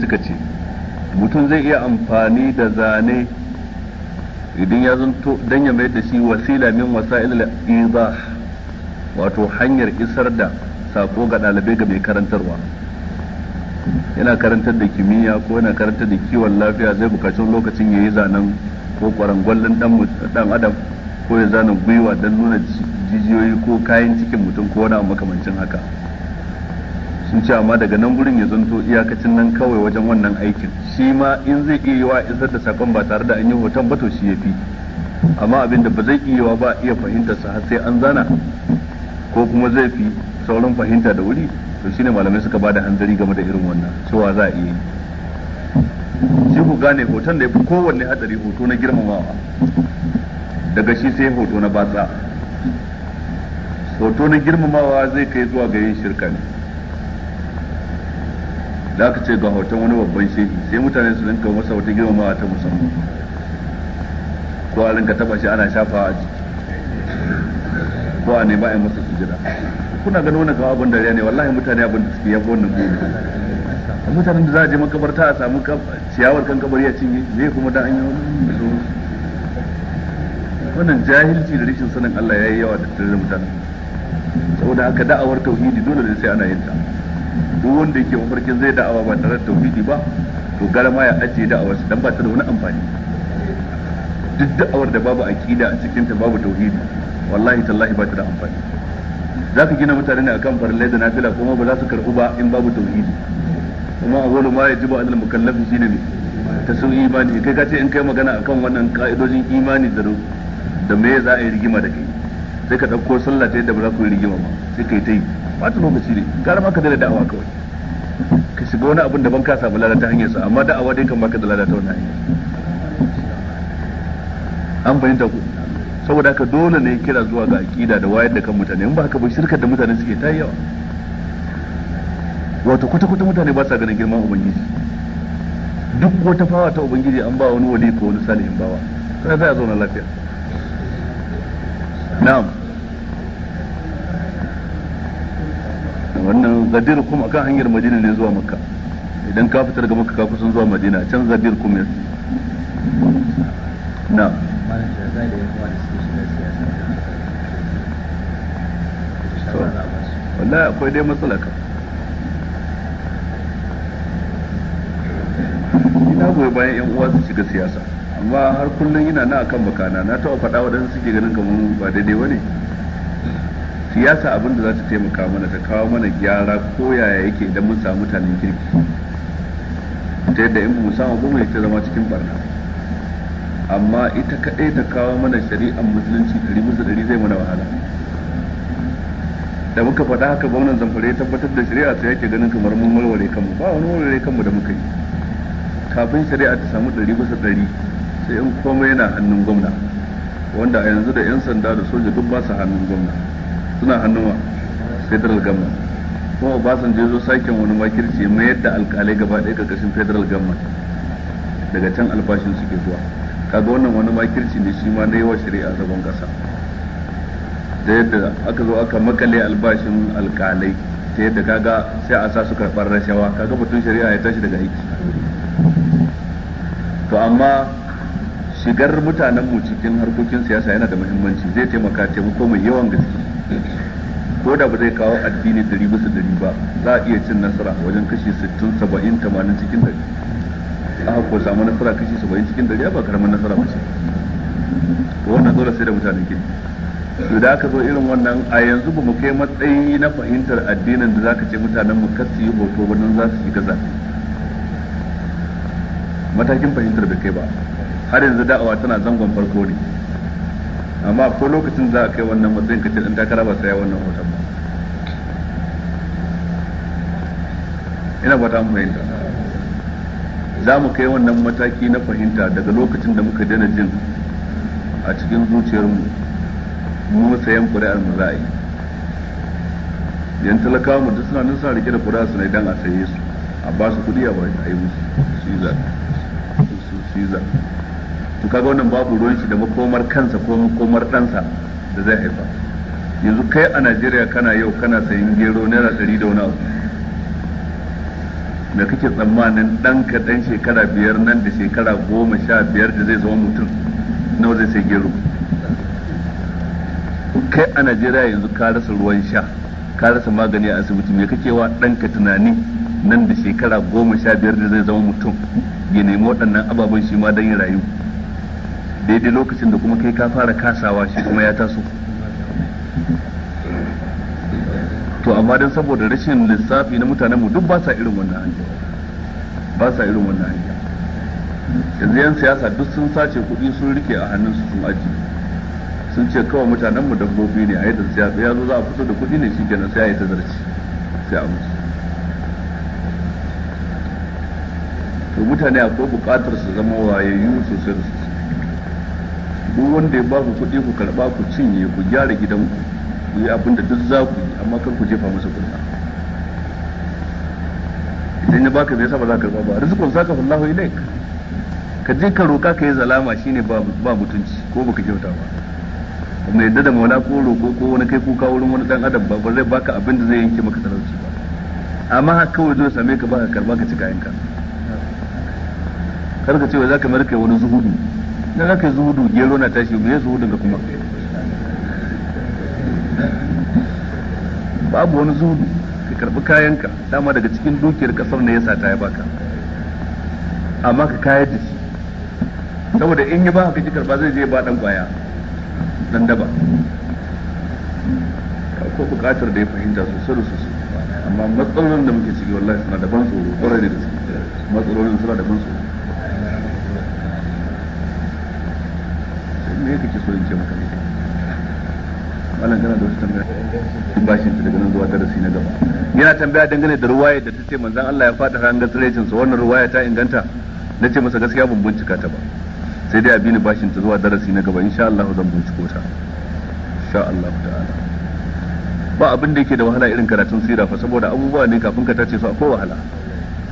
suka ce mutum zai iya amfani da zane idan ya zanto dan ya mai da shi wasila min wasa'il idah wato hanyar isar da sako ga ɗalibai ga mai karantarwa yana karantar da kimiyya ko yana karantar da kiwon lafiya zai bukaci lokacin ya yi zanen ko kwarangwallon dan adam ko ya zana gwiwa don nuna jijiyoyi ko kayan cikin mutum ko wani makamancin haka sun ce amma daga nan gurin ya zanto iyakacin nan kawai wajen wannan aikin shi ma in zai iya yiwa isar da sakon ba tare da an yi hoton ba to shi ya fi amma abinda ba zai iya yiwa ba iya fahimtar sa har sai an zana ko kuma zai fi sauran fahimta da wuri to shine malamai suka bada hanzari game da irin wannan cewa za a iya shi ku gane hoton da ya fi kowanne hadari hoto na girmamawa daga shi sai hoto na batsa hoto na girmamawa zai kai zuwa ga yin shirka ne da aka ce ga hoton wani babban shehi sai mutane su rinka masa wata girmamawa ta musamman ko a rinka taba shi ana shafa a jiki ko a nema a masa sujira kuna ganin wannan kawo abin dariya ne wallahi mutane abin da suke yafi wannan gobe mutanen da za a je makabarta a samu ciyawar kan kabari ya cinye zai kuma da an yi wannan jahilci da rikin sanin Allah ya yi yawa da tare da mutane saboda haka da'awar tauhidi dole ne sai ana yin ta duk wanda yake mafarkin zai da'awa ba tare da tauhidi ba to gara ma ya ajiye da'awar sa dan ba ta da wani amfani duk da'awar da babu aqida a cikin ta babu tauhidi wallahi tallahi ba ta da amfani za ka gina mutane ne akan farallai da nafila kuma ba za su karɓu ba in babu tauhidi kuma a wani ma yajibu alal mukallafin shi ne ta sun imani kai ka ce in kai magana akan wannan ka'idojin imani da da me za a yi rigima da kai sai ka ɗauko sallah ta yadda ba za ku yi rigima ba sai ka yi ta yi ba ɓata lokaci ne gara ma ka da da'awa kawai ka shiga wani abin ban ka samu lalata hanyar sa amma da'awa dai kan baka da lalata wannan hanyar an bayyanta ku saboda haka dole ne kira zuwa ga aqida da wayar da kan mutane in ba haka ba shirkar da mutane suke ta yawa wato kwata kwata mutane ba sa ganin girman ubangiji duk wata fawa ta ubangiji an ba wani wali ko wani salihin bawa sai za a zauna lafiya na'am wannan gadir kuma akan hanyar madina ne zuwa makka idan ka fitar ga makka ka kusan zuwa madina can gadir kuma na wallahi akwai dai matsala kan ina goyi bayan yan uwa su shiga siyasa amma har kullum yana na akan bakana na taɓa faɗa su ke ganin kamar ba daidai ba ne siyasa abin da za ta taimaka mana ta kawo mana gyara ko yaya yake idan mun samu mutanen kirki ta yadda in mu samu ba ta zama cikin barna amma ita kaɗai ta kawo mana shari'ar musulunci ɗari musu ɗari zai mana wahala da muka faɗa haka gwamnan zamfara ya tabbatar da shari'a ta yake ganin kamar mun warware kanmu ba wani warware kanmu da muka yi kafin shari'a ta samu ɗari bisa ɗari sai in komai yana hannun gwamna wanda a yanzu da 'yan sanda da soja duk ba su hannun gwamna suna hannun wa federal government kuma obasanjo je zo sakin wani makirci mayar da alkalai gaba ɗaya ƙarƙashin federal government daga can albashin suke zuwa kaga wannan wani makirci ne shi ma na yawa shari'a zagon kasa da yadda aka zo aka makale albashin alkalai ta yadda kaga sai a sa su karɓar rashawa kaga batun shari'a ya tashi daga aiki to amma shigar mutanen mu cikin harkokin siyasa yana da muhimmanci zai taimaka taimako mai yawan gaske ko da ba zai kawo addini dari bisa dari ba za a iya cin nasara wajen kashe sittin saba'in tamanin cikin dari aka ko samu nasara kashi saba'in cikin dari ba karamin nasara ba ce wannan dole sai da mutane ke su da aka zo irin wannan a yanzu ba mu kai matsayi na fahimtar addinin da zaka ce mutanen mu kar su yi hoto ba nan za su yi kaza matakin fahimtar bai kai ba har yanzu da'awa tana zangon farko ne amma ko lokacin za a kai wannan matsayin kace dan takara ba sai wannan hoton ba ina ba ta mu fahimta za mu kai wannan mataki na fahimta daga lokacin da muka dana jin a cikin zuciyarmu mu sayan ƙuri'ar mu za a yi yan talakawa mu duk suna nan sa rike da ƙuri'ar su ne dan a saye su a ba su kuɗi a ba a yi musu su yi su to kaga wannan babu ruwan shi da makomar kansa ko makomar ɗansa da zai haifa yanzu kai a Najeriya kana yau kana sayin gero naira ɗari da wani abu da kake tsammanin dan dan shekara biyar nan da shekara goma sha biyar da zai zama mutum nawa zai sai gero kai a najeriya yanzu ka rasa ruwan sha ka rasa magani a asibiti me kake wa ka tunani nan da shekara goma sha biyar da zai zama mutum ya nemi waɗannan ababen shi ma don ya rayu daidai lokacin da kuma kai ka fara kasawa shi kuma ya taso to amma dan saboda rashin lissafi na mutanen mu duk ba sa irin wannan hanya ba sa irin wannan hanya yanzu yan siyasa duk sun sace kuɗi sun rike a hannunsu sun aji sun ce kawai mutanen mu dabbobi ne a yadda siyasa ya zo za a fito da kuɗi ne shikenan sai a yi ta zarci sai a mutu to mutane akwai buƙatar su zama wayayyu sosai da sosai duk wanda ya ba ku kuɗi ku karɓa ku cinye ku gyara gidanku ku yi abin da duk za ku yi amma kan ku jefa masa gurna idan ya baka zai sa ba za ka karba ba rizqun saka Allahu ilaik ka je ka roka ka yi zalama shine ba ba mutunci ko baka kyauta ba mai yadda da maula ko roko ko wani kai kuka wurin wani dan adam ba ba zai baka abin da zai yanke maka talauci ba amma haka kawai zai same ka baka karba ka cika yanka kar ka ce wai zaka marka wani zuhudu na za ka yi zuhudu gero na tashi me zuhudu ga kuma kai babu wani zuru ka karbi kayanka dama daga cikin dukiyar kasar ne ya ta ya baka amma ka kayar da shi saboda in yi ba ka ki karba zai je ba dan kwaya dan daba ko bukatar da ya fahimta sosai da sosai amma matsalolin da muke ciki wallahi suna daban tsoro kwarai da gaske matsalolin suna daban tsoro sai me kake so in ce maka ne da wasu tambaya bashin ta daga nan zuwa darasi na gaba yana tambaya dangane da ruwaya da ta ce manzan Allah ya faɗa rangar tsirecin su wannan ruwaya ta inganta na ce masa gaskiya ban bincika ta ba sai dai abini bashin ta zuwa darasi na gaba insha Allah zan binciko ta insha Allah ta'ala ba abin da yake da wahala irin karatun sira fa saboda abubuwa ne kafin ka tace su akwai wahala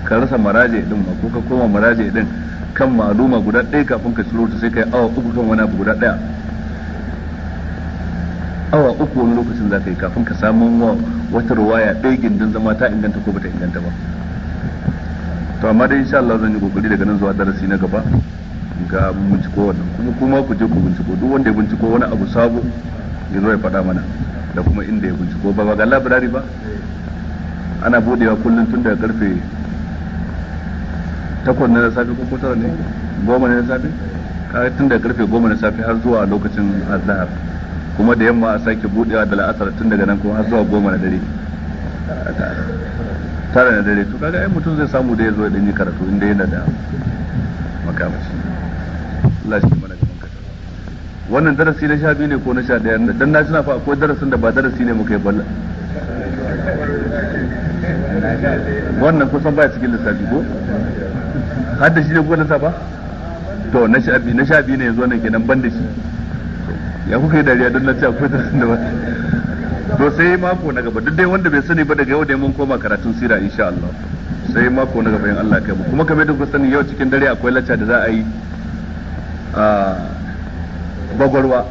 ka rasa maraje din ma ko ka koma maraje din kan maluma guda ɗaya kafin ka ciro ta sai kai awa uku kan wani abu guda ɗaya awa uku wani lokacin za ka yi kafin ka samun wata ruwaya ɗaya gindin zama ta inganta ko bata inganta ba to amma dai insha Allah zan yi kokari daga nan zuwa darasi na gaba ga binciko wannan kuma kuma ku je ku binciko duk wanda ya binciko wani abu sabo ya zo ya faɗa mana da kuma inda ya binciko ba ba ga labirari ba ana budewa kullum tun daga karfe takwas na safe ko ko tara ne goma na safe tun daga karfe goma na safe har zuwa lokacin azhar kuma da yamma a sake budewa da la'asar tun daga nan kuma har zuwa goma na dare tara na dare to kaga ai mutum zai samu da ya zo ya yi karatu inda yana da makamashi Allah shi mana gaban kasa wannan darasi na sha biyu ne ko na sha ɗaya dan na suna fa akwai darasin da ba darasi ne muka yi balla wannan kusan baya cikin lissafi ko har da shi ne kuka lissafa to na sha biyu ne yanzu wannan kenan ban da shi ya kuka yi dariya don na ce akwai darasin da wata to sai mako na gaba duk dai wanda bai sani ba daga yau dai mun koma karatun sira insha Allah sai mako na gaba in Allah kai mu kuma kamar yadda kuka sani yau cikin dare akwai lacca da za a yi a bagwarwa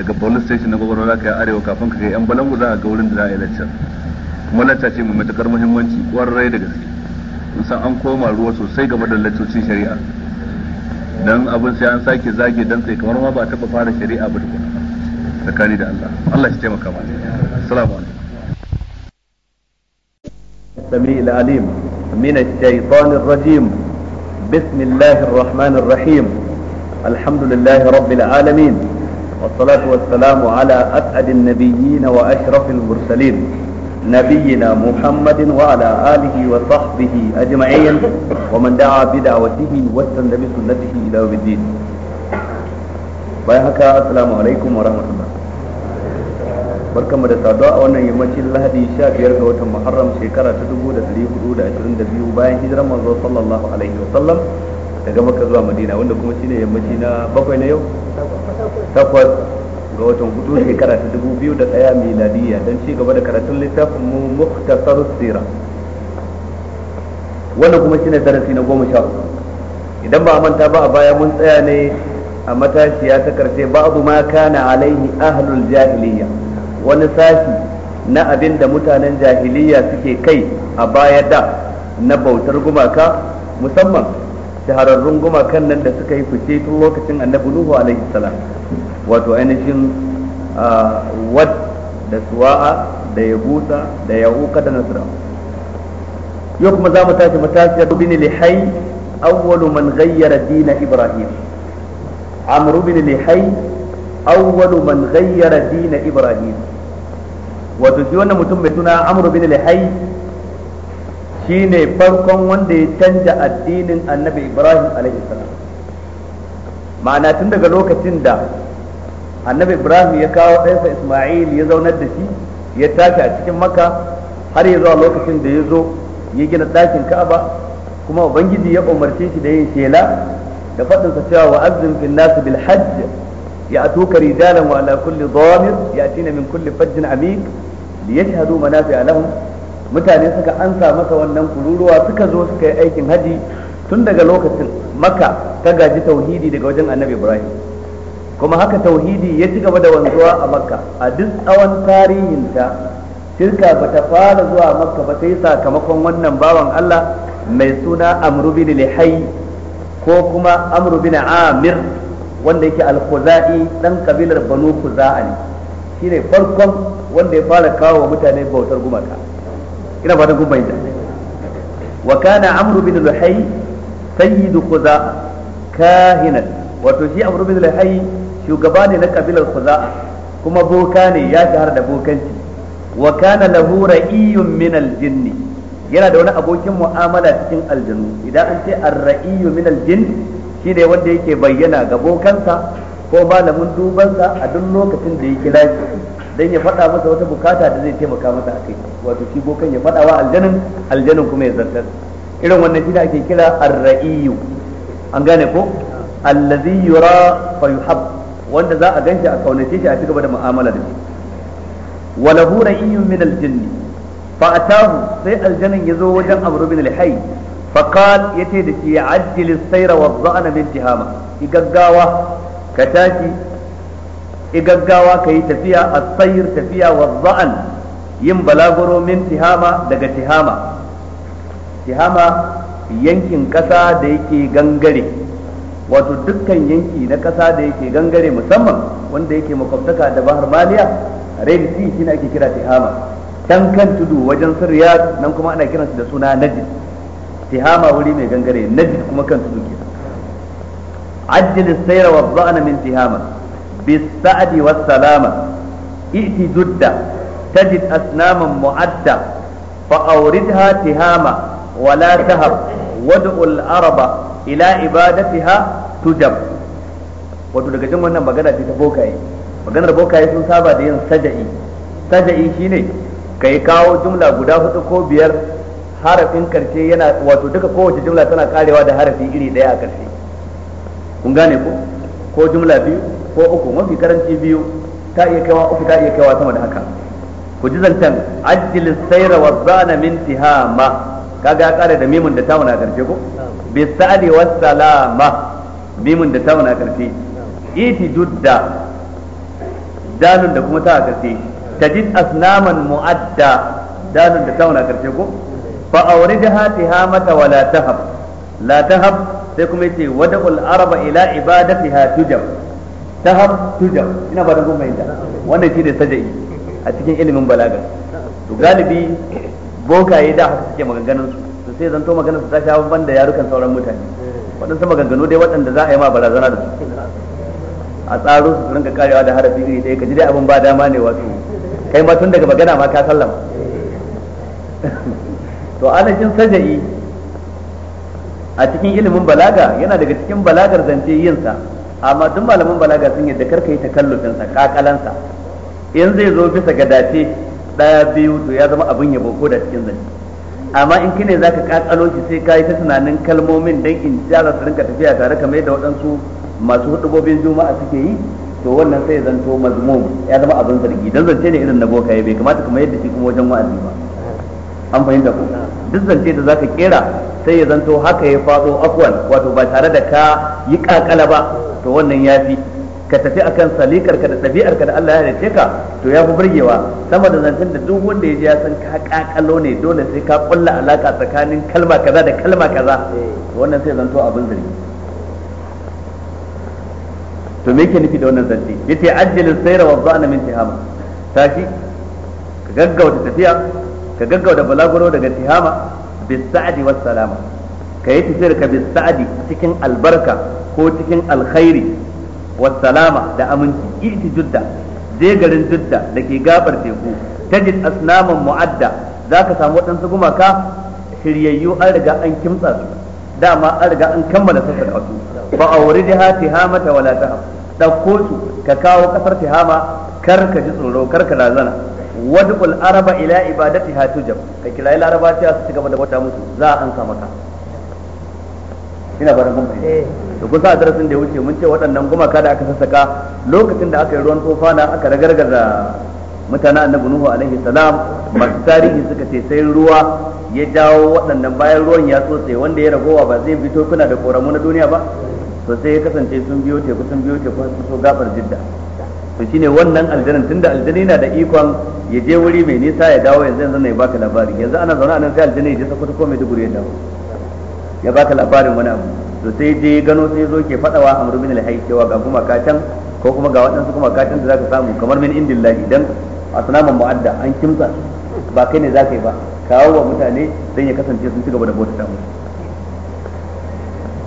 daga police station na gwagwarwa za ka yi arewa kafin ka kai yan balangu za a ga wurin da za a yi lacca kuma lacca ce mai matukar muhimmanci kwarai da gaske san an koma ruwa sosai game da laccocin shari'a dan abin sai an sake zage dan sai kamar ma ba taba fara shari'a ba tukuna tsakani da Allah Allah shi taimaka mana assalamu alaikum السميع العليم من الشيطان الرجيم بسم الله الرحمن الرحيم الحمد لله رب العالمين والصلاة والسلام على أسعد النبيين وأشرف المرسلين نبينا محمد وعلى آله وصحبه أجمعين ومن دعا بدعوته واستنى بسنته إلى يوم الدين bayan haka assalamu alaikum wa rahmatullah barkamu da saduwa a wannan yammacin lahadi 15 ga watan muharram shekara ta dubu da da da dari hudu ashirin biyu bayan hijiran manzo sallallahu alaihi wa sallam daga makka zuwa madina wanda kuma shine yammaci na bakwai na yau takwas ga watan hudu shekara ta dubu biyu da ɗaya miladiyya don ci gaba da karatun littafin mu muktasar sira wannan kuma shine darasi na goma sha uku idan ba a manta ba a baya mun tsaya ne a matashiya ta karshe ba'du ma kana alaihi ahlul jahiliya wani sashi na abin da mutanen jahiliya suke kai a baya da na bautar gumaka musamman shahararrun gumakan nan da suka yi fice tun lokacin annabi nuhu alaihi salam wato ainihin wad da suwa'a da yabusa da yahuka da nasra yau kuma za mu tashi matashiyar bin lihai awwalu man ghayyara dina ibrahim amru bin lihai awwalu man ghayyara dina ibrahim wato shi wannan mutum mai suna amru bin lihai Shi ne farkon wanda ya canja addinin annabi ibrahim alaihi salam ma'ana tun daga lokacin da annabi ibrahim ya kawo ɗansa isma'il ya zaunar da shi ya tashi a cikin maka har ya zuwa lokacin da ya zo ya gina ɗakin ka'aba kuma ubangiji ya umarce shi da yin shela da faɗinsa cewa wa azzin fi nasu bil hajj ya atuka rijalan wa ala kulli dhamir yatina min kulli fajjin amik liyashhadu manafi'a lahum mutane suka ansa masa wannan kururuwa suka zo suka yi aikin haji tun daga lokacin maka ta gaji tauhidi daga wajen annabi ibrahim kuma haka tauhidi ya ci gaba da wanzuwa a makka a duk tsawon tarihinta shirka ba ta fara zuwa makka ba sai sakamakon wannan bawan allah mai suna amru bin lihai ko kuma amru amir wanda yake al-khuzai dan kabilar banu khuza'a ne shine farkon wanda ya fara kawo mutane bautar gumaka ina fatan kun bayyana wa kana amru bin luhay sayyidu khuza'a kahinan wato shi amru bin luhay shugaba ne na kabilar khuza'a kuma boka ne ya shahara da bokanci wa kana lahu ra'iyun min al-jinni yana da wani abokin mu'amala cikin aljanu idan an ce ar-ra'iyyu min al-jinn shi ne wanda yake bayyana ga bokansa ko malamin dubansa a duk lokacin da ya lafiya dan ya faɗa masa wata bukata da zai taimaka masa a kai wato shi bokan ya fada wa aljanin aljanin kuma ya zartar irin wannan shi da ake kira arra'iyu an gane ko allazi yura fa yuhab wanda za a ganshi a kaunace shi a cigaba da mu'amala da shi walahu ra'iyyu min aljinn fa atahu sai aljanin yazo wajen amru bin al-hayy fa qal yace da shi ajjil as-sayra wa dha'na min tihama gaggawa ka tashi igaggawa ka yi tafiya a tsayir tafiya wa za'an yin balaguro min tihama daga tihama tihama yankin ƙasa da yake gangare wato dukkan yanki na ƙasa da yake gangare musamman wanda yake makwabtaka da bahar maliya red sea shine ake kira tihama can kan tudu wajen sirriya nan kuma ana kiransu da suna najid tihama wuri mai gangare najid kuma kan tudu ke ajjil sayra wa dha'na min tihama بالسعد والسلامة ائت جدة تجد أسناما معدة فأوردها تهاما ولا تهب ودع العرب إلى عبادتها تجب wato daga jin wannan magana ce ta bokaye maganar bokaye sun saba da yin saja'i saja'i shine kai kawo jumla guda hudu ko biyar harafin karshe yana wato duka kowace jumla tana karewa da harafi iri daya a karshe kun gane ko ko jumla biyu ko uku mafi karanci biyu ta iya kaiwa uku ta iya kaiwa sama da haka ku ji zantan ajil sayra wa zana min tihama kaga ya kare da mimun da tawun a karshe ko bi sa'ali wa salama mimun da ta a karshe iti dudda dalun da kuma ta a karshe tajid asnaman mu'adda dalun da tawun a karshe ko fa awridha tihamata wa la tahab la tahab sai kuma yace wada'ul araba ila ibadatiha tujab tahab tuja ina ba da goma inda wannan ne sajai a cikin ilimin balaga to galibi bokaye da haka suke maganganun su to sai zanto maganar su ta sha ban da yarukan sauran mutane waɗansu maganganu dai waɗanda za a yi ma barazana da su a tsaro su rinka karewa da harafi iri ɗaya ka ji dai abin ba dama ne wato kai ma tun daga magana ma ka sallama to anashin sajai a cikin ilimin balaga yana daga cikin balagar zance yinsa amma duk malaman balaga sun yadda karka yi takallufin sa kakalansa in zai zo bisa ga dace daya biyu to ya zama abin yabo ko da cikin zai amma in kine zaka kakalo shi sai kai ta tunanin kalmomin dan in jara su rinka tafiya tare kamar yadda waɗansu masu hudubobin juma'a suke yi to wannan sai zanto mazmum ya zama abin zargi dan zance ne irin na boka bai kamata kamar yadda shi kuma wajen wa'azi ba an fahimta ku duk zance da zaka kera sai ya zanto haka ya fado afwan wato ba tare da ka yi kakala ba to wannan yafi ka tafi akan salikar ka da ɗabi'ar ka da Allah ya halice ka to ya fi burgewa sama da zancen da duk wanda ya ji ya san ka kakalo ne dole sai ka kulla alaka tsakanin kalma kaza da kalma kaza to wannan sai zanto abin zargi to me yake nufi da wannan zance yace ajjalin sayra wa zana min tihama tashi ka gaggauta tafiya ka gaggauda balaguro daga tihama bis wa salama ka yi tafiyar ka bis cikin albarka ko cikin alkhairi wa salama da aminci iti judda je garin judda da ke gabar teku tajid asnaman mu'adda zaka samu waɗansu gumaka shiryayyu an riga an kimtsa su dama an riga an kammala sassa da su ba a wuri jiha ta wala ta ɗauko su ka kawo ƙasar tihama kar ka ji tsoro kar ka lazana wad'ul araba ila ibadatiha tujab kai kila ila araba ta su cigaba da wata musu za a ansa maka ina ba da eh. to kusa a darasin da ya wuce mun ce waɗannan gumaka da aka sassaka lokacin da aka yi ruwan tofana aka ragargaza mutanen annabi nuhu alaihi salam masu tarihi suka ce sai ruwa ya jawo waɗannan bayan ruwan ya tsotse wanda ya ragowa ba zai bi tofuna da koramu na duniya ba to sai ya kasance sun biyo teku sun biyo teku sun so gabar jidda to shine wannan aljanan tunda aljana yana da ikon ya je wuri mai nisa ya dawo yanzu yanzu ne ya baka labari yanzu ana zaune anan sai aljana ya je sako ta komai duguri ya dawo ya baka labarin wani abu to sai je gano sai zo ke fadawa amru bin al-hayy cewa ga kuma katan ko kuma ga waɗansu kuma katan da zaka samu kamar min indillahi dan asnaman mu'adda an kimsa ba kai ne zaka yi ba kawo wa mutane dan ya kasance sun ci gaba da bota ta mu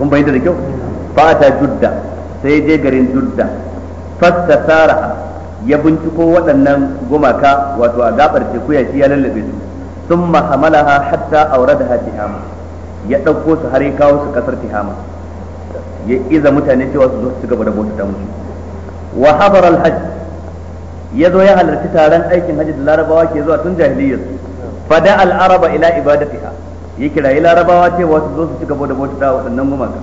kun bayyana da kyau fa ta judda sai je garin judda fastasara ya binciko waɗannan gumaka wato a gabar teku ya ya lallabe su sun hamalaha hatta ha tihama ya ɗauko su har ya kawo su ƙasar tihama ya iza mutane cewa su zo su gaba da bauta musu wa habar alhajj ya zo ya halarci taron aikin hajji da larabawa ke zuwa tun jahiliyyar fada al'araba ila ibadatiha ya kirayi larabawa cewa su zo su ci gaba da bauta waɗannan gumaka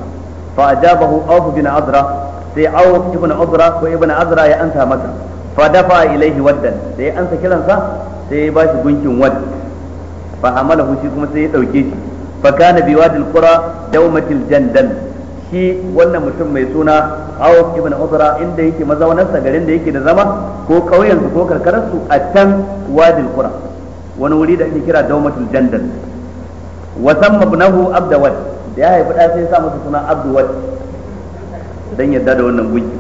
fa ajabahu awf bin azra sai Auf ibn Uzra ko ibn Azra ya ansa maka fa dafa ilaihi waddan sai ya ansa kiransa sai ya bashi gunkin wad fa hamalahu shi kuma sai ya dauke shi fa kana bi wadil qura jandal shi wannan mutum mai suna Auf ibn Uzra inda yake mazaunarsa garin da yake da zama ko kauyen su ko karkarar su a can wadil qura wani wuri da ake kira dawmatul jandal wa samma ibnahu abdawad da ya haifi da sai ya sa masa suna abdawad dan yadda da wannan gunki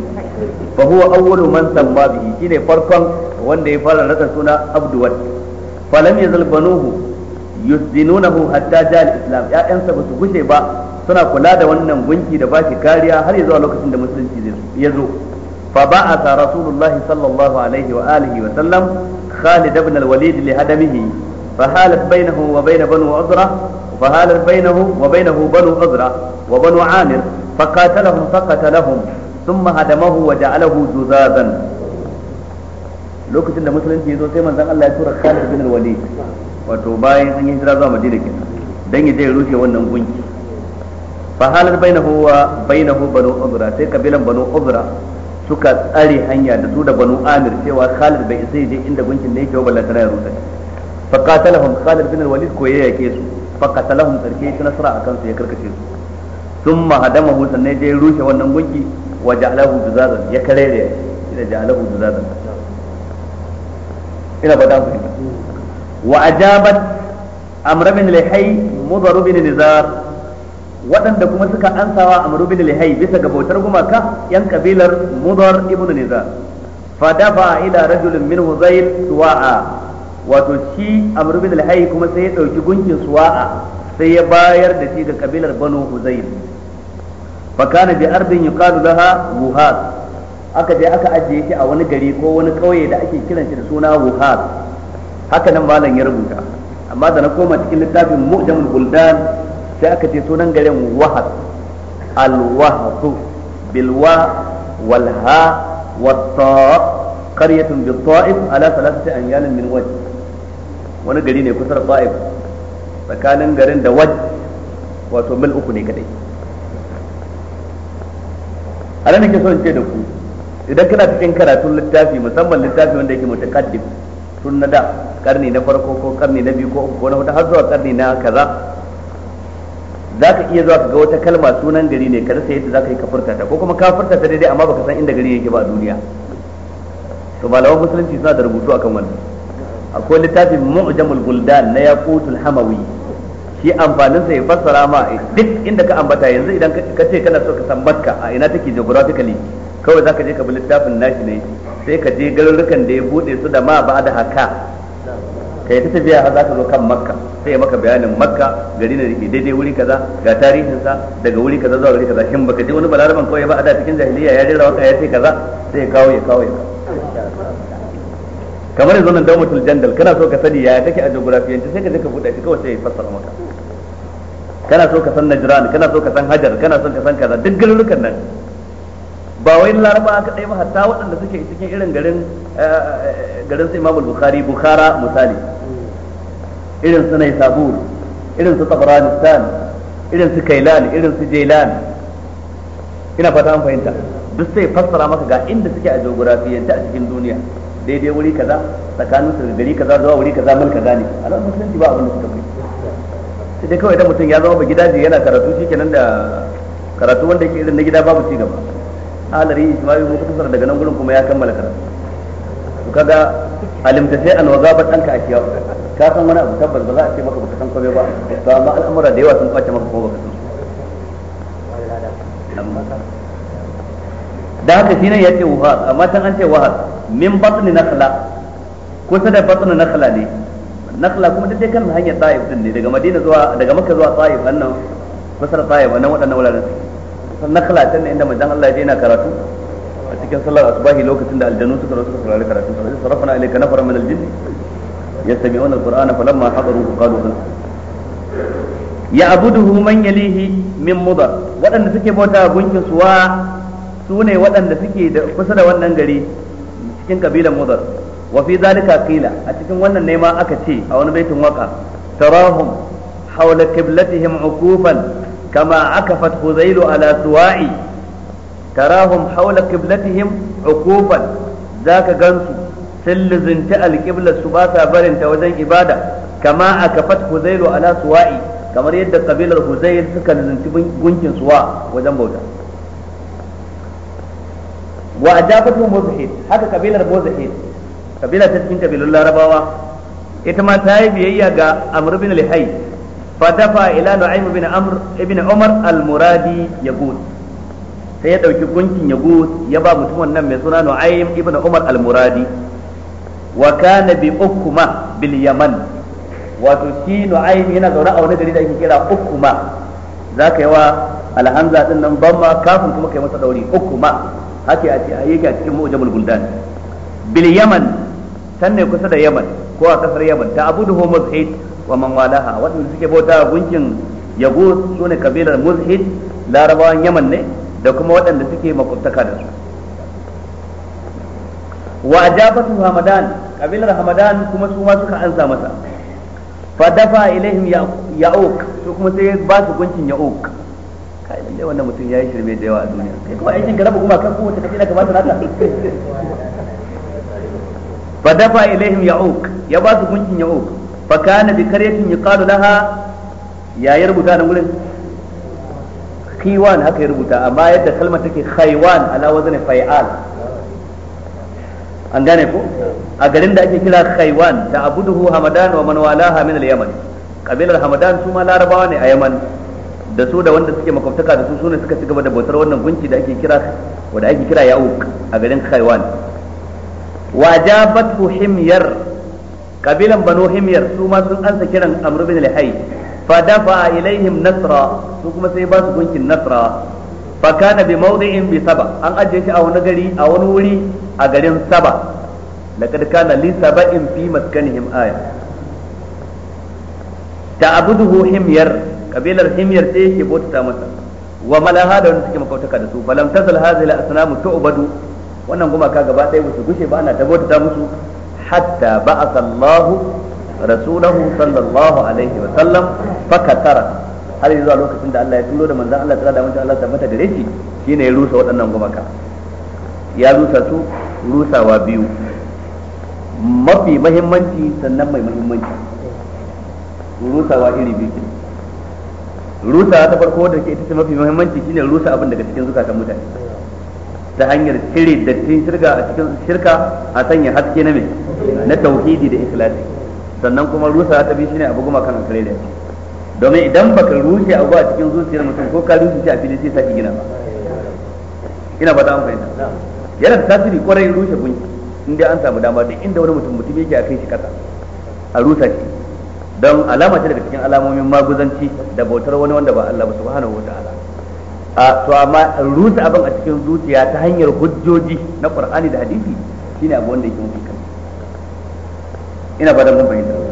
fa huwa awwalu man samma bihi shine farkon wanda ya fara rasa suna abduwat lam yazal banuhu yusdinunahu hatta ja al-islam ya'yansa ba su gushe ba suna kula da wannan gunki da bashi kariya har a lokacin da musulunci ya zo fa ba'atha rasulullahi sallallahu alaihi wa alihi wa sallam khalid ibn al-walid li hadamihi fa halat bainahu wa bain banu azra fa halat bainahu wa bainahu banu azra فقاتلهم فقتلهم ثم هدمه وجعله جذاذا lokacin da musulunci ya zo sai manzon Allah ya tura Khalid bin Walid wato bayan an yi hijira zuwa Madina kenan dan ya je rushe wannan gunki fa halar bainahu wa bainahu banu Uzra sai kabilan banu Uzra suka tsare hanya da su da banu Amir cewa Khalid bai isa je inda gunkin ne yake ba lantana ya rusa fa qatalahum Khalid bin Walid ko ya yake su fa qatalahum sarki nasara akan su ya karkace su sun mahadama hutan ne ya rushe wannan gunki wa ja'alahu juzazan ya karere shi da ja'alahu juzazan ina ba da ku wa ajabat amr bin lihay mudhar bin nizar waɗanda kuma suka ansawa amr bin lihay bisa ga bautar gumaka yan kabilar mudhar ibn nizar fadafa ila rajulin min huzayl suwa'a wato shi amr bin lihay kuma sai ya dauki gunkin suwa'a sai ya bayar da shi ga kabilar banu huzayl fakana bi ardin yuqalu laha wuhas aka je aka ajiye shi a wani gari ko wani ƙauye da ake kiran shi da suna wuhas haka nan malam ya rubuta amma da na koma cikin littafin mu'jamul buldan sai aka ce sunan garin wahas al-wahas bil wa wal ha wat ta qaryatun bi ta'if ala thalathati anyal min waj wani gari ne kusa da ta'if tsakanin garin da waj wato mil uku ne kadai ala ne ke son in ce da ku idan kana cikin karatun littafi musamman littafi wanda yake mutaqaddim tun na da karni na farko ko karni na biyu ko ko na hudu har zuwa karni na kaza za ka iya zuwa ka ga wata kalma sunan gari ne ka rasa yadda za ka yi kafurta ta ko kuma kafurta ta daidai amma baka san inda gari yake ba a duniya to malaman musulunci suna da rubutu akan wannan akwai littafin mu'jamul buldan na yaqutul hamawi Yi amfanin sa ya fassara ma duk inda ka ambata yanzu idan ka ce kana so ka san Makka a ina take geographically kawai zaka je ka bi littafin nashi ne sai ka je garurukan da ya bude su da ma ba da haka kai ta tafiya har zaka zo kan Makka sai ya maka bayanin Makka gari ne ke daidai wuri kaza ga tarihin sa daga wuri kaza zuwa wuri kaza shin baka je wani balaraban kawai ba a da cikin jahiliya ya rera waka ya ce kaza sai ya kawo ya kawo ya kamar yanzu nan Mutul jandal kana so ka sani yaya take a geography sai ka je ka bude shi kawai sai ya fassara maka kana so ka san najran kana so ka san hajar kana so ka san kaza duk garurukan nan ba wai laraba ka dai ba hatta waɗanda suke cikin irin garin eh, eh, garin sai Imam Bukhari Bukhara misali irin su Naisabur irin su Tabranistan irin su Kailan irin su Jailan ina fata an fahimta duk sai fassara maka ga inda suke a geografiyance a cikin duniya daidai wuri kaza tsakanin su gari kaza zuwa wuri kaza mulka gane alal musulunci ba abin da suka kai sai dai kawai idan mutum ya zama ba gidaje yana karatu shikenan da karatu wanda yake irin na gida babu ci gaba alari ismail mu kusa daga nan gurin kuma ya kammala karatu to kaga alimta sai an waza bat danka a kiyawa ka san wani abu tabbas ba za a ce maka baka san komai ba to amma al'amura da yawa sun kwace maka ko baka san da haka shi ne ya ce wahal amma can an ce wahal min batni nakhla kusa da batni nakhla ne nakla kuma duk dai kan hanyar ta'if din ne daga madina zuwa daga makka zuwa ta'if annan fasar ta'if annan waɗannan wuraren san nakla tun ne inda manzon Allah ya daina karatu a cikin sallar asubahi lokacin da aljanu suka rasu suka saurari karatu sai sarrafna ilayka nafara min aljinn yastami'una alqur'ana falamma hadaruhu qalu ya abuduhu man yalihi min mudar waɗanda suke bauta gunkin suwa su ne waɗanda suke da kusa da wannan gari cikin kabilan mudar wa fi zalika qila a cikin wannan ne aka ce a wani baitin waka tarahum hawla qiblatihim ukufan kama akafat huzailu ala suwa'i tarahum hawla qiblatihim ukufan zaka gansu sun lizinta alqiblar su ba sa barin ta wajen ibada kama akafat huzailu ala suwa'i kamar yadda kabilar huzail suka lizinci gunkin wajen bauta haka kabilar muzahid kabila ta cikin kabilun larabawa ita ma ta yi biyayya ga amr bin lihai fa dafa ila nu'aym bin amr ibn umar al-muradi yaqut sai ya dauki gunkin yaqut ya ba mutumin nan mai suna nu'aym ibn umar al-muradi wa kana bi ukuma bil yaman wato shi nu'aym yana zaune a wani gari da ake kira ukuma zaka yi wa alhamza din nan ban ma kafin kuma kai masa dauri ukuma haka a ce a yake a cikin mu'jamul bundan bil yaman can ne kusa da yaman ko a kasar yaman ta abudu muzhid wa man walaha waɗanda suke bauta gunkin yago su ne kabilar muzhid larabawan yaman ne da kuma waɗanda suke makwabtaka da su wa ajabatu hamadan kabilar hamadan kuma su ma suka ansa masa fa dafa ilaihim ya'uq to kuma sai ba su gunkin ya'uq kai dai wannan mutum yayi shirme da yawa a duniya kai kuma aikin garaba kuma kan kowace kabila kamata naka fa dafa ilaihim ya'uq ya ba su gunkin ya'uq fa kana bi qaryatin yuqalu laha ya ya rubuta nan gurin khiwan haka ya rubuta amma yadda kalmar take khaywan ala wazni fa'al an gane ko a garin da ake kira khaywan ta abuduhu hamadan wa man walaha min al-yaman kabilar hamadan su ma larabawa ne a yaman da su da wanda suke makwabtaka da su sune suka ci gaba da bautar wannan gunki da ake kira wanda ake kira ya'uq a garin khaywan wa jabathu himyar kabilan banu himyar su ma sun ansa kiran amr bin lihay fa dafa ilaihim nasra su kuma sai basu su gunkin nasra fa kana bi mawdi'in bi saba an ajiye shi a wani gari a wani wuri a garin saba laqad kana li saba'in fi maskanihim aya ta'buduhu himyar kabilar himyar sai yake bauta masa wa da wanda suke makautaka da su falam tazal hadhihi al wannan gumaka gaba ɗaya ba su gushe ba ana ta musu hatta ba a sallahu rasulahu sallallahu alaihi wa sallam tara har yanzu a lokacin da Allah ya turo da manzan Allah tsara da wancan Allah tabbata gare shi shine ya rusa waɗannan gumaka ya rusa su rusawa biyu mafi mahimmanci sannan mai mahimmanci rusawa iri biyu rusa ta farko da ke ita ce mafi muhimmanci shine rusa abin daga cikin zukatan mutane ta hanyar cire dattin shirka a cikin shirka a sanya haske na mai na tauhidi da ikhlasi sannan kuma rusa ta bi shine abu goma kan kare da domin idan baka rushe abu a cikin zuciyar mutum ko ka rushe shi a fili sai saki gina ba ina ba ta an fahimta yana da tasiri kwarai rushe gunki inda an samu dama duk inda wani mutum mutum yake a kai shi kasa a rusa shi don alama ce daga cikin alamomin maguzanci da bautar wani wanda ba Allah ba subhanahu wa ta'ala to amma rusa abin a cikin zuciya ta hanyar hujjoji na qur'ani da hadisi shine abu wanda yake mafi kai ina ba da mun bayyana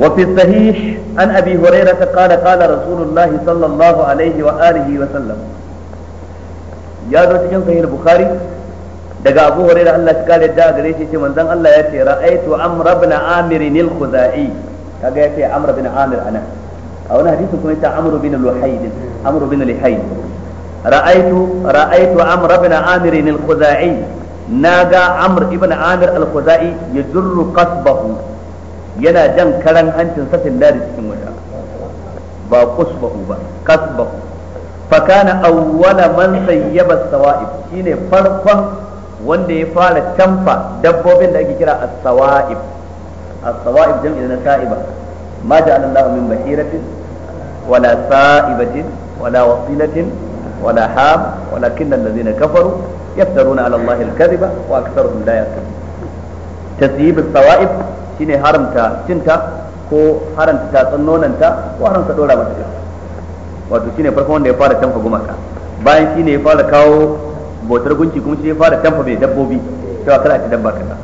وفي الصحيح عن ابي هريره قال قال رسول الله صلى الله عليه واله وسلم يا ذو cikin sahih bukhari daga abu hurairah Allah ya kare da gare shi ce manzon Allah ya ce ra'aytu amr ibn amir al-khuzai kaga ya ce amr ibn amir anan a wani hadisi kuma yace amru bin al-luhayd amru bin al-luhayd ra'aytu ra'aytu amr ibn amir al-khuzai naga amr ibn amir al-khuzai yajurru qasbahu yana jan karan hancin sa tindari cikin wuta ba qasbahu ba qasbahu fa kana awwala man sayyaba as-sawa'ib shine farkon wanda ya fara tamfa dabbobin da ake kira as-sawa'ib as-sawa'ib jam'i na sa'iba ma ja'ala Allahu min bahiratin ولا سائبة ولا وصيلة ولا حام ولكن الذين كفروا يفترون على الله الكذب وأكثرهم لا يعقلون تسييب الصوائب shine haramta cinta ko haramta tatsan ko haramta wato shine farkon wanda ya fara tamfa gumaka bayan shine ya fara kawo botar gunki kuma shi ya fara tamfa mai dabbobi cewa kar a ci dabba kaza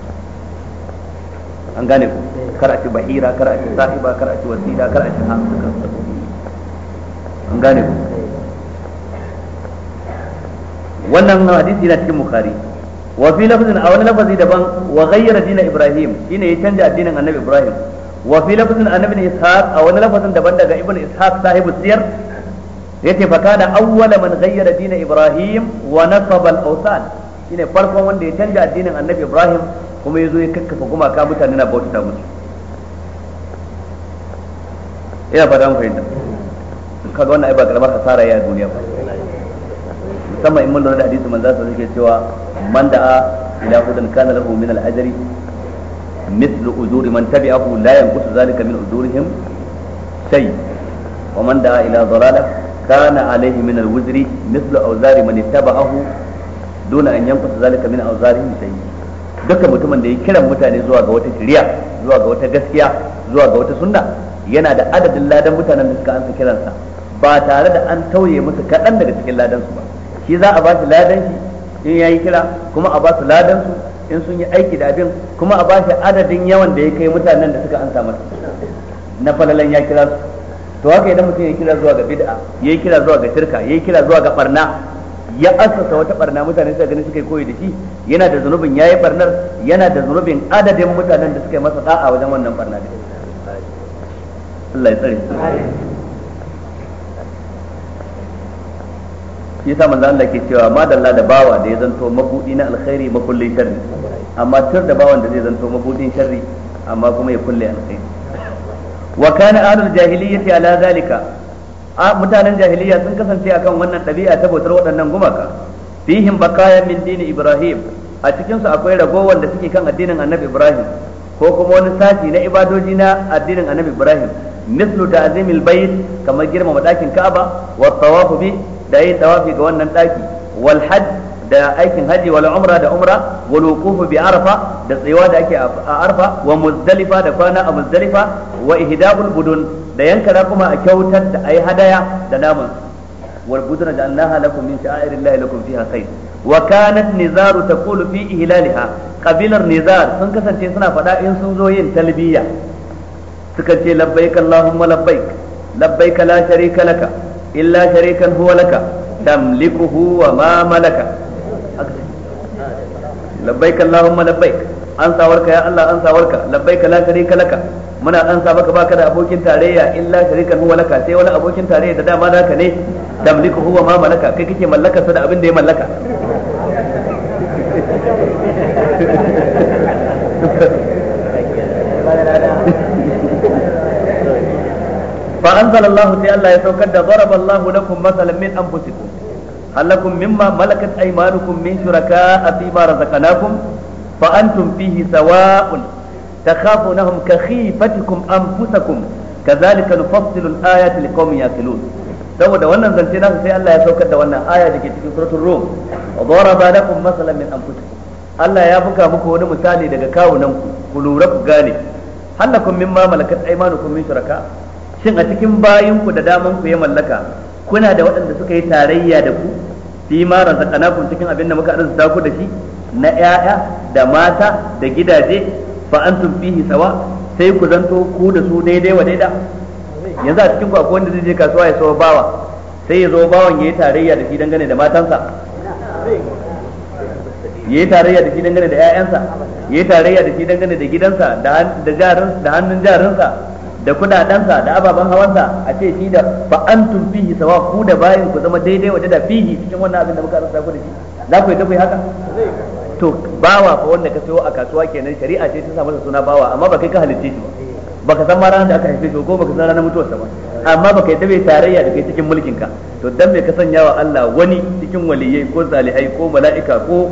an gane ku kar a ci bahira kar a ci sahiba kar a ci wasila kar a ci hamsa an gane ku wannan hadisi yana cikin bukhari wa fi lafzin a wani lafazi daban wa ghayyara dinin ibrahim shine ya canja addinin annabi ibrahim wa fi lafzin annabi ishaq a wani lafazin daban daga ibnu ishaq sahibu siyar yace fa kana awwala man ghayyara dinin ibrahim wa nasaba al-awsan shine farkon wanda ya canja addinin annabi ibrahim kuma yazo ya kakkafa gumaka mutane na bauta musu ina fata mun fahimta kaga wannan ai ba karamar hasara ya duniya ba musamman in mun lura da hadisi manzo sa yake cewa man da'a ila hudan kana lahu min al-ajri mithlu uzuri man tabi'ahu la yanqusu zalika min uzurihim shay wa man da'a ila dhalala kana alayhi min al-wuzri mithlu awzari man ittaba'ahu duna an yanqusu zalika min awzarihim shay dukkan mutumin da ya kiran mutane zuwa ga wata shari'a zuwa ga wata gaskiya zuwa ga wata sunna yana da adadin ladan mutanen da suka ansa kiransa ba tare da an tauye musu kaɗan daga cikin ladansu ba shi za a ba su ladan shi in ya yi kira kuma a ba su ladan su in sun yi aiki da abin kuma a ba shi adadin yawan da ya kai mutanen da suka ansa masa na falalan ya kira su to haka idan mutum ya kira zuwa ga bid'a ya kira zuwa ga shirka ya kira zuwa ga barna ya asasa wata barna mutane suka gani suka koyi da shi yana da zanubin yi barnar yana da zanubin adadin mutanen da suka yi masa da'a wajen wannan barna Allah ya tsare shi yasa manzo Allah ke cewa madalla da bawa da ya zanto mabudi na alkhairi makullin sharri amma tur da bawan da zai zanto mabudin sharri amma kuma ya kulle alkhairi wa kana ahlul jahiliyyati ala zalika mutanen jahiliya sun kasance akan wannan ɗabi'a ta bautar waɗannan gumaka fihim bakaya min dini ibrahim a cikin su akwai ragowar da suke kan addinin annabi ibrahim ko kuma wani sashi na ibadoji na addinin annabi ibrahim mislu ta'zim al-bayt kamar girmama dakin Ka'aba wa tawafu bi da yin tawafi ga wannan daki wal hajj da aikin haji wal umra da umra wal wuqufu bi arafa da tsayuwa da ake a arafa wa muzdalifa da kwana a muzdalifa wa ihdabul budun da yankara kuma a kyautar da ayi hadaya da naman wal buduna ja'alnaha lakum min sha'airillahi lakum fiha khair wa nizaru taqulu fi ihlaliha qabilar nizar sun kasance suna faɗa in sun zo yin talbiya suka ce labbaik allahumma labbaik labbaik la sharika laka illa sharikan huwa laka tamlikuhu wa ma malaka labbaik allahumma labbaik an sawarka ya Allah an sawarka labbaik la sharika laka muna an sa baka baka da abokin tarayya illa sharikan huwa laka sai wani abokin tarayya da dama naka ne tamliku huwa ma malaka kai kake mallaka sa da abin da ya mallaka fa anzalallahu sai Allah ya saukar da daraballahu lakum masalan min anfusikum halakum mimma malakat aymanukum min shuraka'a fi ma razaqnakum fa antum fihi sawa'un takhafunahum ka khifatikum anfusakum kadhalika nufassilu al-ayati liqaumin yaqilun saboda wannan zance nasu sai Allah ya saukar da wannan aya da cikin suratul rum Allah ya buga muku wani misali daga kawunan ku gane halakum mimma shin a cikin bayin ku da daman ku ya mallaka kuna da waɗanda suka yi tarayya da ku fi ma ku cikin abin da muka arzuta ku da shi na 'ya'ya da mata da gidaje fa antum fihi sawa sai ku zanto ku da su daidai wa daida yanzu a cikin ku akwai wanda zai je kasuwa ya sayo bawa sai ya zo bawan yi tarayya da shi dangane da matansa ya yi tarayya da shi dangane da 'ya'yansa yi tarayya da shi dangane da gidansa da da jarin da hannun jarinsa da kudadensa da ababen hawansa a ce shi da fa antum fihi sawa ku da bayin ku zama daidai waje da fihi cikin wannan abin da muka rasa ku da shi za ku yi tafi haka to bawa fa wanda ka sayo a kasuwa kenan shari'a ce ta sa masa suna bawa amma ba kai ka halitta shi ba baka san ma ranar da aka haife shi ko baka san ranar mutuwarsa ba amma baka yi dabe tarayya da kai cikin mulkin ka to dan me ka sanya wa Allah wani cikin waliyai ko salihai ko mala'ika ko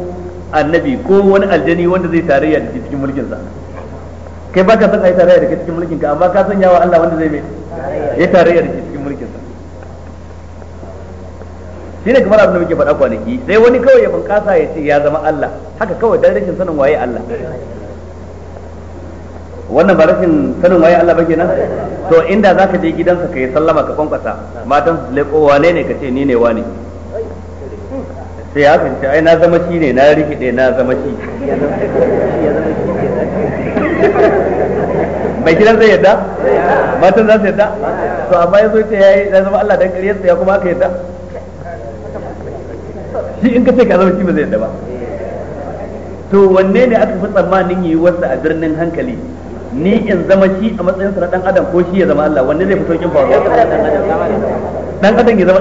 annabi ko wani aljani wanda zai tarayya da cikin mulkin sa kai baka son ai tarayya da kai cikin mulkin ka amma ka san wa Allah wanda zai mai ya tarayya da cikin mulkin sa shine kamar abin da muke faɗa kwanaki sai wani kawai ya bunƙasa ya ce ya zama Allah haka kawai dan rashin sanin waye Allah wannan ba rashin sanin waye Allah ba kenan to inda zaka je gidansa ka yi sallama ka kwankwasa matan su leko wane ne ka ce ni ne wane sai ya kasance ai na zama shi ne na rikide na zama shi mai gidan zai yadda matan za su yadda to amma yazo ce yi ya zama Allah dan ƙaryar ya kuma aka yadda shi in ka ce ka zama shi ba zai yadda ba to wanne ne aka fi tsammanin yi wasa a birnin hankali ni in zama shi a matsayin sa na dan adam ko shi ya zama Allah wanne zai fi saukin faruwa dan adam ya zama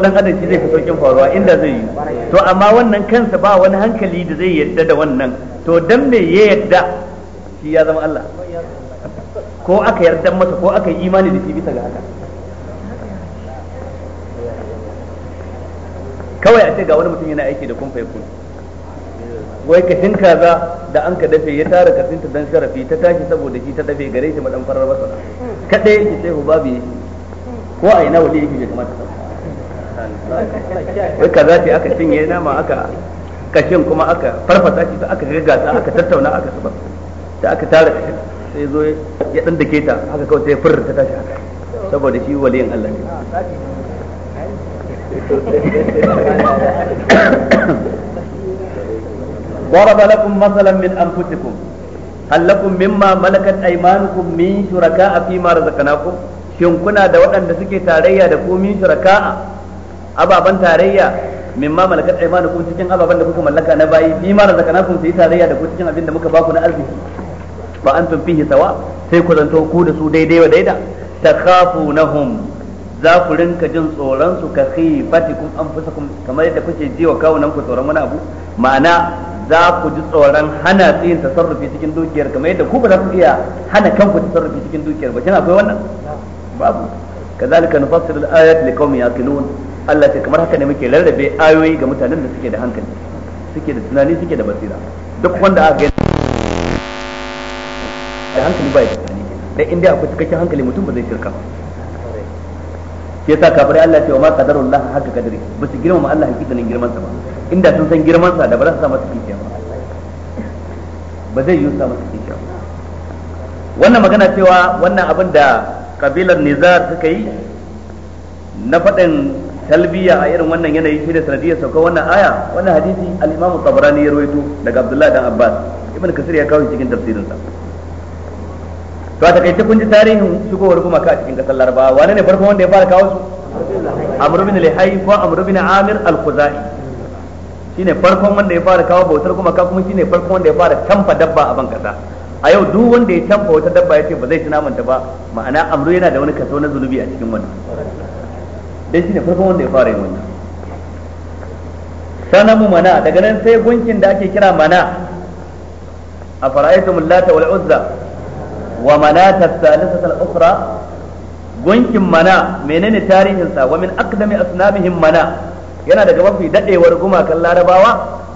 dan adam shi zai fi saukin faruwa inda zai yi to amma wannan kansa ba wani hankali da zai yadda da wannan to dan me ya yadda shi ya zama Allah ko aka yarda masa ko aka yi imani da shi bisa ga haka kawai a ce ga wani mutum yana aiki da kumfa ya wai kashin kaza da an ka dafe ya tara kasinta dan sharafi ta tashi saboda shi ta dafe gare shi madan farar masana kadai yake sai babu yake ko a ina wali yake ta kamata wai kaza ce aka cinye nama aka kashin kuma aka farfasa shi aka gaggasa aka tattauna aka saba da aka tara kashin sai zo ya dan dake ta haka kawai sai fur ta tashi haka saboda shi waliyin Allah ne ضرب لكم مثلا من انفسكم هل لكم مما ملكت ايمانكم من شركاء فيما رزقناكم shin kuna da waɗanda suke tarayya da ku min shuraka'a ababan tarayya mimma malakat aymanukum cikin ababan da kuka mallaka na bayi fi ma razaqnakum sai tarayya da ku cikin abin da muka ku na arziki fa antum fihi sawa sai ku zanto ku da su daidai wa daida takhafunahum za ku rinka jin tsoron su ka kum anfusakum kamar yadda kuke ji wa kawunan ku tsoron wani abu ma'ana za ku ji tsoron hana tsayin tasarrufi cikin dukiyar kamar yadda ku ba za ku iya hana kanku tasarrufi cikin dukiyar ba kina akwai wannan babu kazalika nufassir al-ayat liqawmin yaqilun Allah ce kamar haka ne muke rarrabe ayoyi ga mutanen da suke da hankali suke da tunani suke da basira duk wanda aka gani da hankali ba ya tunani dan inda akwai cikakken hankali mutum ba zai shirka ba shi yasa kafirai Allah ya ce wa ma qadarullah haka kadari ba su girmama Allah nan girman sa ba inda sun san girman sa da ba za su sa masa kishiya ba ba zai yi sa masa kishiya ba wannan magana cewa wannan abin da kabilar Nizar suka yi na faɗin talbiya a irin wannan yanayi shi da sanadiyar sauka wannan aya wannan hadisi al-Imam Tabarani ya rawaito daga Abdullah dan Abbas Ibn Kasir ya kawo cikin tafsirinsa to a takaice kun ji tarihin shigowar gumaka a cikin kasar larabawa wane ne farkon wanda ya fara kawo su amr bin lihai ko amr bin amir al-khuzai shine farkon wanda ya fara kawo bautar gumaka kuma shine farkon wanda ya fara tamfa dabba a ban kasa a yau duk wanda ya tamfa wata dabba ya ce ba zai ci namanta ba ma'ana amru yana da wani kaso na zunubi a cikin wannan dai shine farkon wanda ya fara yin wannan sanamu mana daga nan sai gunkin da ake kira mana a fara'aytum lata wal uzza wa manata thalithata gunkin mana menene tarihin sa wa min aqdami asnamihim mana yana daga mafi dadewar gumakan larabawa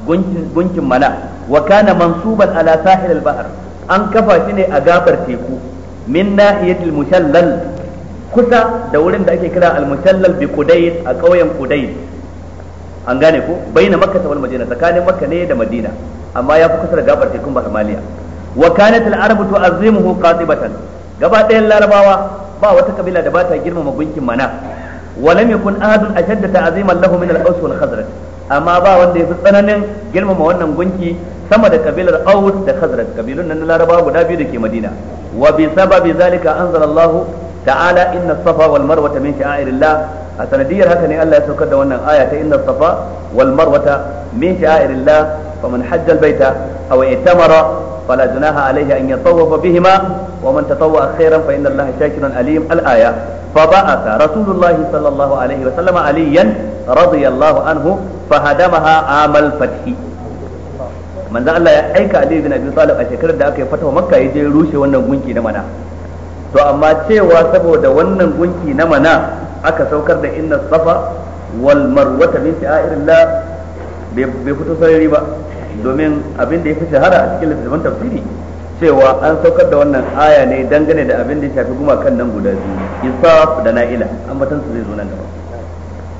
gunkin gunkin mana wa kana mansuban ala sahil al-bahr an kafa shi ne a gabar teku min nahiyatil mushallal kusa da wurin da ake kira al-mushallal bi qudayt a ƙauyen qudayt an gane ko baina makka wal madina tsakanin makka ne da madina amma ya fi kusa da gabar tekun bahmaliya wa kanat al-arabu gaba ɗayan larabawa ba wata kabila da ba ta girmama gunkin mana walam yakun ahadun ashadda ta'ziman lahu min al-aws wal amma ba wanda ya fi tsananin girmama wannan gunki sama da kabilar aus da khazraj kabilun nan larabawa guda biyu da ke madina wa bi sababi zalika anzalallahu ta'ala inna safa wal marwata min sha'irillah a sanadiyar haka ne Allah ya saukar da wannan aya ta inna safa wal marwata min sha'irillah faman hajja al baita aw i'tamara فلا جناح عليه أن يطوف بهما ومن تطوع خيرا فإن الله شاكر عليم الآية فبعث رسول الله صلى الله عليه وسلم عليا رضي الله عنه فهدمها عام الفتح من ذا الله يأيك علي بن أبي طالب أشكر دعاك فتح مكة يجي روشي وانا قنكي نمنا to amma cewa saboda wannan gunki na mana aka saukar da inna safa wal marwata min sha'irillah bai fito sarari ba domin abin da ya fi shahara a cikin littattafan tafsiri cewa an saukar da wannan aya ne dangane da abin da ya shafi gumakan nan guda biyu isaf da na'ila ambatan su zai zo nan gaba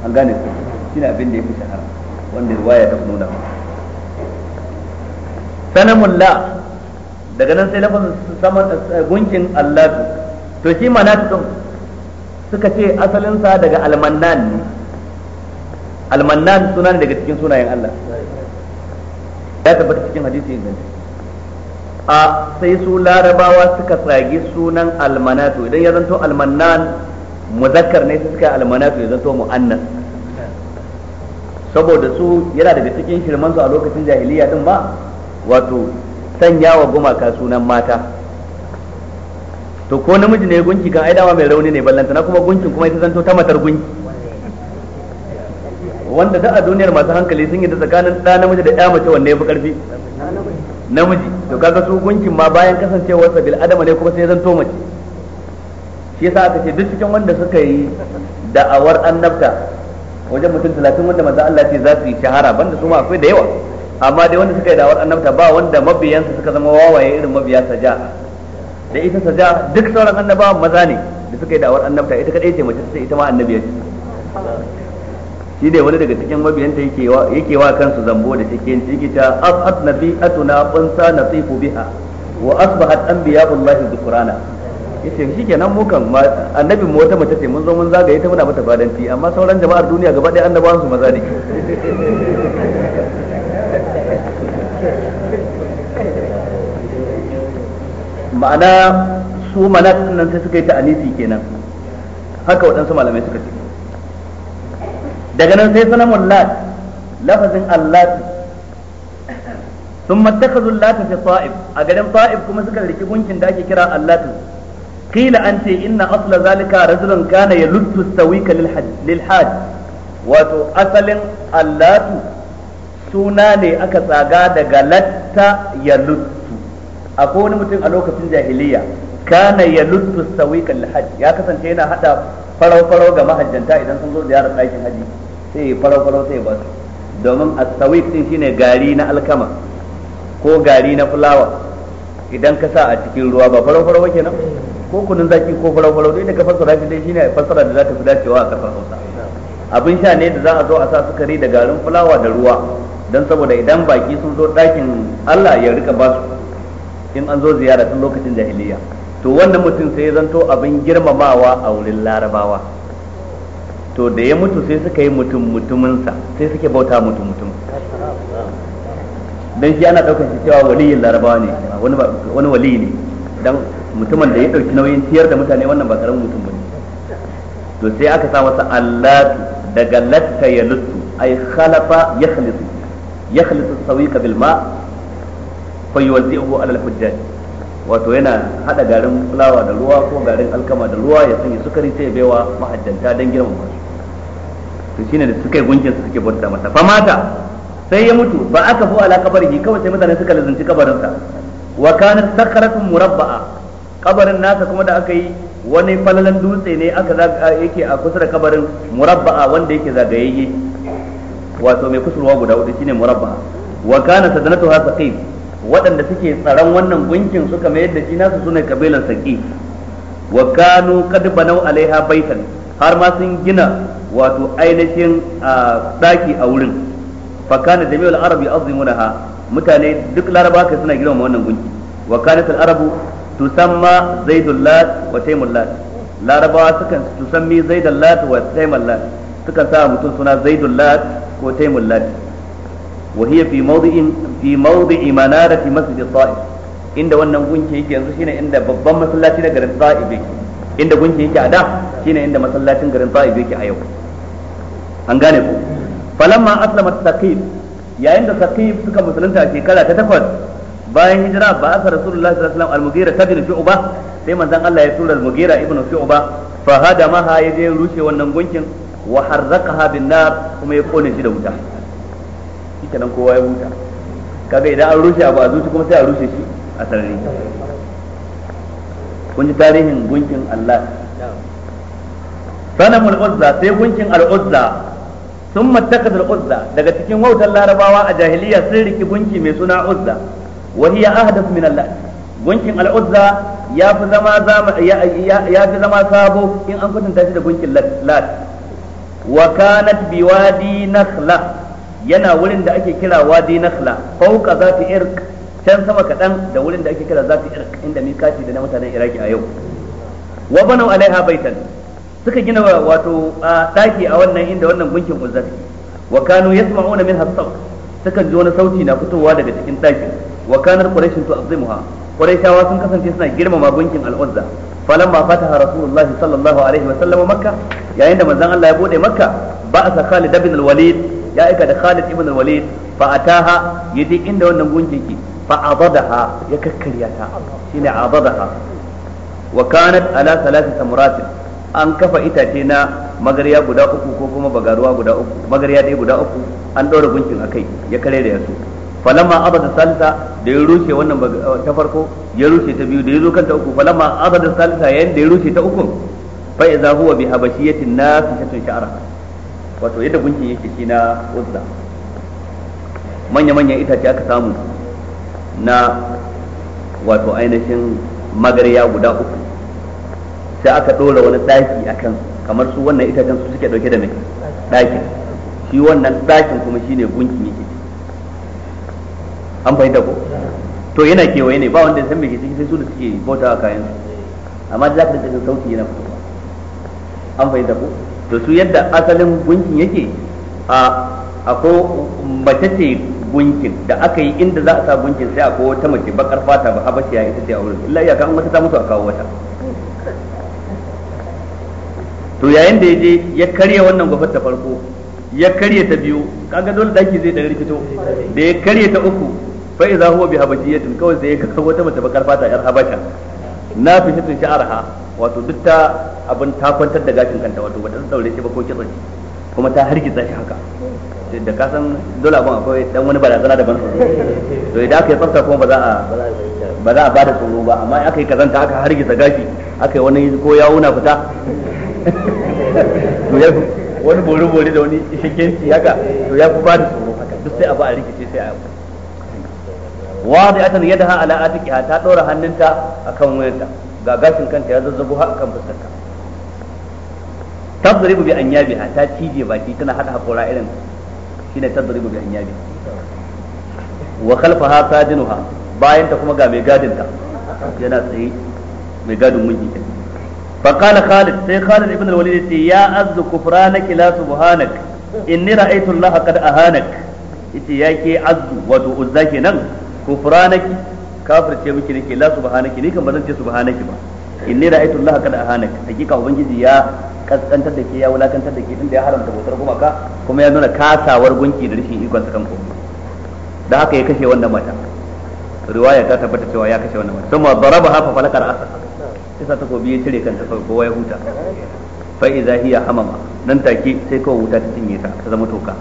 an gane su shine abin da ya fi shahara wanda riwaya ta nuna sanamun la daga nan sai lafazin saman eh, gunkin Allah to shi ma din suka ce asalinsa daga almannan ne almannan suna ne daga cikin sunayen Allah ya tabbata cikin hadisi ne a sai su larabawa suka tsagi sunan almanatu idan ya zanto almanan muzakkar ne su suka almanatu ya zanto mu'annas saboda su yana daga cikin shirman su a lokacin jahiliya din ba wato sanya wa gumaka sunan mata to ko namiji ne gunki kan ai dama mai rauni ne ballantana kuma gunkin kuma ita zanto ta matar gunki wanda da a duniyar masu hankali sun yi da tsakanin ɗa namiji da ƴa mace wanne ya fi ƙarfi namiji to kaga su gunkin ma bayan kasancewar sa bil adama ne kuma sai zan to mace shi yasa aka ce duk cikin wanda suka yi da'awar annabta wajen mutum talatin wanda manzo Allah ce za su yi shahara banda su ma akwai da yawa amma dai wanda suka yi da'awar annabta ba wanda mabiyansa suka zama wawaye irin mabiya saja da ita saja duk sauran annabawan maza ne da suka yi da'awar annabta ita kadai ce mace sai ita ma annabiya ce shi ne wani daga cikin mabiyanta yake wa kansu zambo da cikin ta ashat nabi'atuna qansa nasifu biha wa asbahat anbiya'ullahi dhikrana yace shikenan mu kan annabin mu wata mace ce mun zo mun zagaye ta muna mata fadanci amma sauran jama'ar duniya gaba ɗaya annabawan su maza ne ma'ana su manat nan sai suka yi ta anisi kenan haka waɗansu malamai suka ce daga nan sai sanamun lat lafazin allati sun mattakazu lati fi sa'ib a garin sa'ib kuma suka riki gunkin da ake kira allatin kila an ce inna asla zalika rajulun kana ya sawika lil hajj wato asalin allatu suna ne aka tsaga daga latta ya akwai wani mutum a lokacin jahiliya kana ya luttu sawika lil hajj ya kasance yana hada farau-farau ga mahajjanta idan sun zo ziyarar ɗakin haji sai yi farau farau sai ba su domin asawik din shine gari na alkama ko gari na fulawa idan ka sa a cikin ruwa ba farau farau kenan ko kunun zaki ko farau farau dai da ka fassara shi dai shine fassara da za ta fi dacewa a kasar Hausa abin sha ne da za a zo a sa sukari da garin fulawa da ruwa don saboda idan baki sun zo ɗakin Allah ya rika ba su in an zo ziyara tun lokacin jahiliya to wannan mutum sai ya zanto abin girmamawa a wurin larabawa to da ya mutu sai suka yi mutum mutuminsa sai suke bauta mutum mutum dan shi ana daukar shi cewa waliyin larabawa ne wani wali ne dan mutumin da ya dauki nauyin ciyar da mutane wannan ba karamin mutum bane to sai aka sa masa allatu daga latta ya luttu ay khalafa yakhlitu yakhlitu sawiqa bil ma fa yuwaddihu ala al hujjaj wato yana hada garin fulawa da ruwa ko garin alkama da ruwa ya sanya sukari sai ya baiwa mahajjanta dan girmama su to shine da suka yi gunkin su suke bauta masa fa mata sai ya mutu ba aka fu ala kabarihi kawai sai mutane suka lazanci sa wa kanat sakaratun murabba'a kabarin nasa kuma da aka yi wani falalan dutse ne aka yake a kusa da kabarin murabba'a wanda yake zagayayye wato mai kusurwa guda hudu shine murabba'a wa kana ha saqif wadanda suke tsaron wannan gunkin suka mayar da shi nasu sunai kabilan saqif wa kanu qad banau alaiha baitan har ma sun gina wato ainihin a daki a wurin fa kana jami'ul arabi azimunaha mutane duk laraba ka suna girmama wannan gunki wa kanat al arabu tusamma zaidul lat wa taimul lat larabawa sukan tusammi zaidul lat wa taimul lat sukan sa mutum suna zaidul lat ko taimul lat wa hiya fi mawdi'in fi mawdi'i manarati masjid ta'if inda wannan gunki yake yanzu shine inda babban masallaci na garin ta'if yake inda gunki yake a da shine inda masallacin garin Ta'if yake a yau an gane ku falamma aslama taqib yayin da taqib suka musulunta a shekara ta takwas bayan hijira ba aka rasulullahi sallallahu alaihi wasallam al-mughira ibn shu'ba sai manzon Allah ya tura al-mughira ibn shu'ba fa hadamaha ya yaje rushe wannan gunkin wa harzaqaha bin nar kuma ya kone shi da wuta shikenan kowa ya huta kaga idan an rushe abu a zuci kuma sai a rushe shi a sarari kun ji tarihin gunkin Allah sanamul uzza sai gunkin al-uzza sun mattakadar uzza daga cikin wautar larabawa a jahiliya sun riki gunki mai suna uzza wahi ya ahdath min Allah gunkin al-uzza ya fi zama ya fi zama sabo in an kwatanta shi da gunkin lat wa kanat biwadi nakhla yana wurin da ake kira wadi nakhla fauka zati irq can sama kaɗan da wurin da ake kira zati irk inda mikati da na mutanen iraki a yau wa banau alaiha baitan suka gina wato a daki a wannan inda wannan gunkin uzza wa kanu yasma'una min hasaw suka ji wani sauti na fitowa daga cikin dakin wa kanar quraishin tu'azzimuha quraishawa sun kasance suna girmama gunkin al-uzza falamma fataha rasulullahi sallallahu alaihi wa sallam makka yayin da manzon Allah ya bude makka ba'asa Khalid ibn al-Walid ya aika da Khalid ibn al-Walid fa ataha yaje inda wannan gunkin ke fa abadaha ya kakkarya ta shine abadaha wa kanat ala salati samuratin an kafa itace na magarya guda uku ko kuma bagaruwa guda uku magarya dai guda uku an ɗora gunkin akai ya kare da yasu falamma abada salisa da ya rushe wannan eh, ta farko ya rushe ta biyu da ya zo kanta uku falamma abada salisa yayin da ya rushe ta uku fa idza huwa bi habashiyatin nasishatin sha'ara wato yadda gunkin yake shi na uzza manya-manyan itace aka samu na wato ainihin magariya guda uku sai aka dora wani ɗaki a kan kamar su wannan itacen su suke ɗauke da mai ɗakin shi wannan ɗakin kuma shine gunkin yake an fahimta ko to yana kewaye ne ba wanda ya san me ke ciki sai su da suke bauta a kayan su amma da za ka da sauti yana fitowa an fahimta ko to su yadda asalin gunkin yake a ko mace ce gunkin da aka yi inda za a sa gunkin sai akwai wata mace bakar fata ba habashiya ita ce a wurin illa iyaka an wata ta mutu a kawo wata to yayin da ya je ya karya wannan gwafar ta farko ya karya ta biyu kaga dole daki zai dan fito. da ya karya ta uku fa idza huwa bi habashiyatin kawai sai ya kawo wata mace bakar fata yar habasha na fi shi sha'arha wato duk ta abin ta kwantar da gashin kanta wato ba ta daure shi ba ko kitsa shi kuma ta hargitsa shi haka da ka san dole abin akwai dan wani barazana da ban tsoro to idan aka yi tsafta kuma ba za a ba za a bada tsoro ba amma aka yi kazanta aka hargitsa gashi aka yi wani ko yawuna fita to ya wani bori-bori da wani shikenci haka to ya fi bada tsoro haka duk sai a ba a rikice sai a wadi'atan yadaha ala atiqiha ta dora hannunta akan wayarta ga gashin kanta ya zazzago har kan fuskarta tadribu bi anyabiha ta cije baki tana hada hakora irin shine tadribu bi anyabi wa khalfaha sajinuha bayan ta kuma ga mai gadin ta yana tsaye mai gadin mun kenan فقال خالد سي خالد ابن الوليد يا عز كفرانك لا سبحانك إني رأيت الله قد أهانك إتي يا عز ودو أزاكي نم kufranaki kafirce miki nake la subhanaki ni kan bazan ce subhanaki ba inni ra'aytu Allah kad ahanak hakika ubangiji ya kaskantar da ke ya wulakantar da ke tunda ya haramta bautar ka kuma ya nuna kasawar gunki da rashin ikon sa kanku da haka ya kashe wannan mata riwaya ta tabbata cewa ya kashe wannan mata kuma daraba hafa falakar asa isa ta gobi ya cire kanta sai kowa ya huta fa idza hiya hamama nan take sai kawai wuta ta cinye ta ta zama toka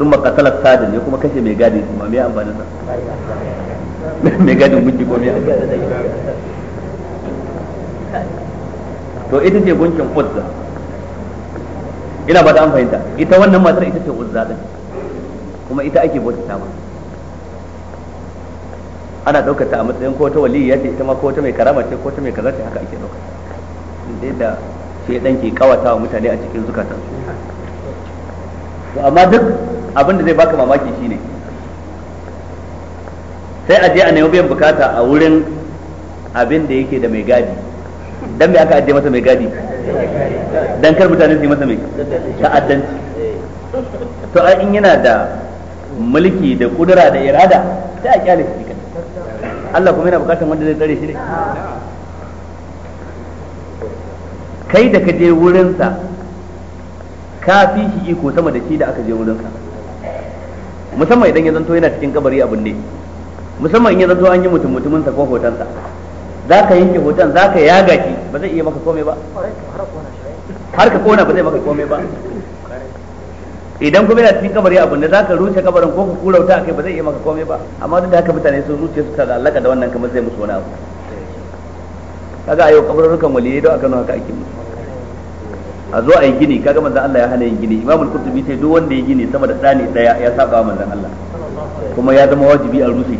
sun makatalar sadin ya kuma kashe mai gadi kuma mai amfanin sa mai gadi gunki ko mai amfanin to ita ce gunkin uzza ina ba ta an fahimta ita wannan matar ita ce uzza din kuma ita ake bauta ma ana ɗaukar ta a matsayin ko ta waliyya ce ita ma ko ta mai karama ce ko ta mai kaza ce haka ake ɗauka inda da shi dan ke kawata wa mutane a cikin zukatansu to amma duk abin da zai baka mamaki shine sai a je a nemi biyan bukata a wurin abin da yake da mai gadi dan me aka ajiye masa mai gadi dan kar mutane su yi masa mai ta'addanci to a in yana da mulki da kudura da irada sai a kyale shi Allah kuma yana bukatar wanda zai tsare shi ne kai da ka je wurinsa ka fi shi iko sama da shi da aka je wurinsa musamman idan ya zanto yana cikin kabari abin ne musamman in ya zanto an yi mutum mutumin sa ko hotonsa za ka yanke hoton za ka yaga shi ba zai iya maka komai ba har ka kona ba zai maka komai ba idan kuma yana cikin kabari abin binne za ka rushe kabarin ko ka kura a kai ba zai iya maka komai ba amma duk da haka mutane sun rushe su ta allaka da wannan kamar zai musu wani abu kaga a yau kabarurrukan waliyai don aka nuna haka ake musu a zo a yi gini kaga manzon Allah ya hana yin gini imamul qurtubi sai duk wanda ya gini sama da tsani daya ya saba manzon Allah kuma ya zama wajibi a rushe shi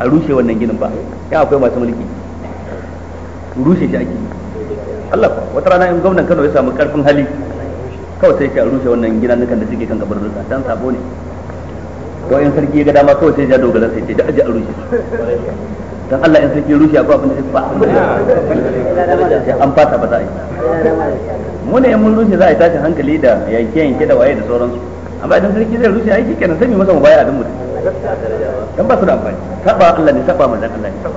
a rushe wannan ginin ba ya akwai masu mulki rushe shi ake Allah ko wata rana in gwamnan Kano ya samu karfin hali kawai sai ya rushe wannan gidan nukan da suke kan rusa dan sabo ne ko in sarki ya ga dama kawai sai ya dogara sai ya ji a rushe dan Allah in sarki rushe akwai abin da ba an fata ba za a yi mu ne mun rushe za a yi tashin hankali da yanke yanke da waye da sauransu amma idan sarki zai rushe aiki kenan sai mu masa mubaya a mutum dan ba su da amfani saba Allah ne saba manzon Allah ne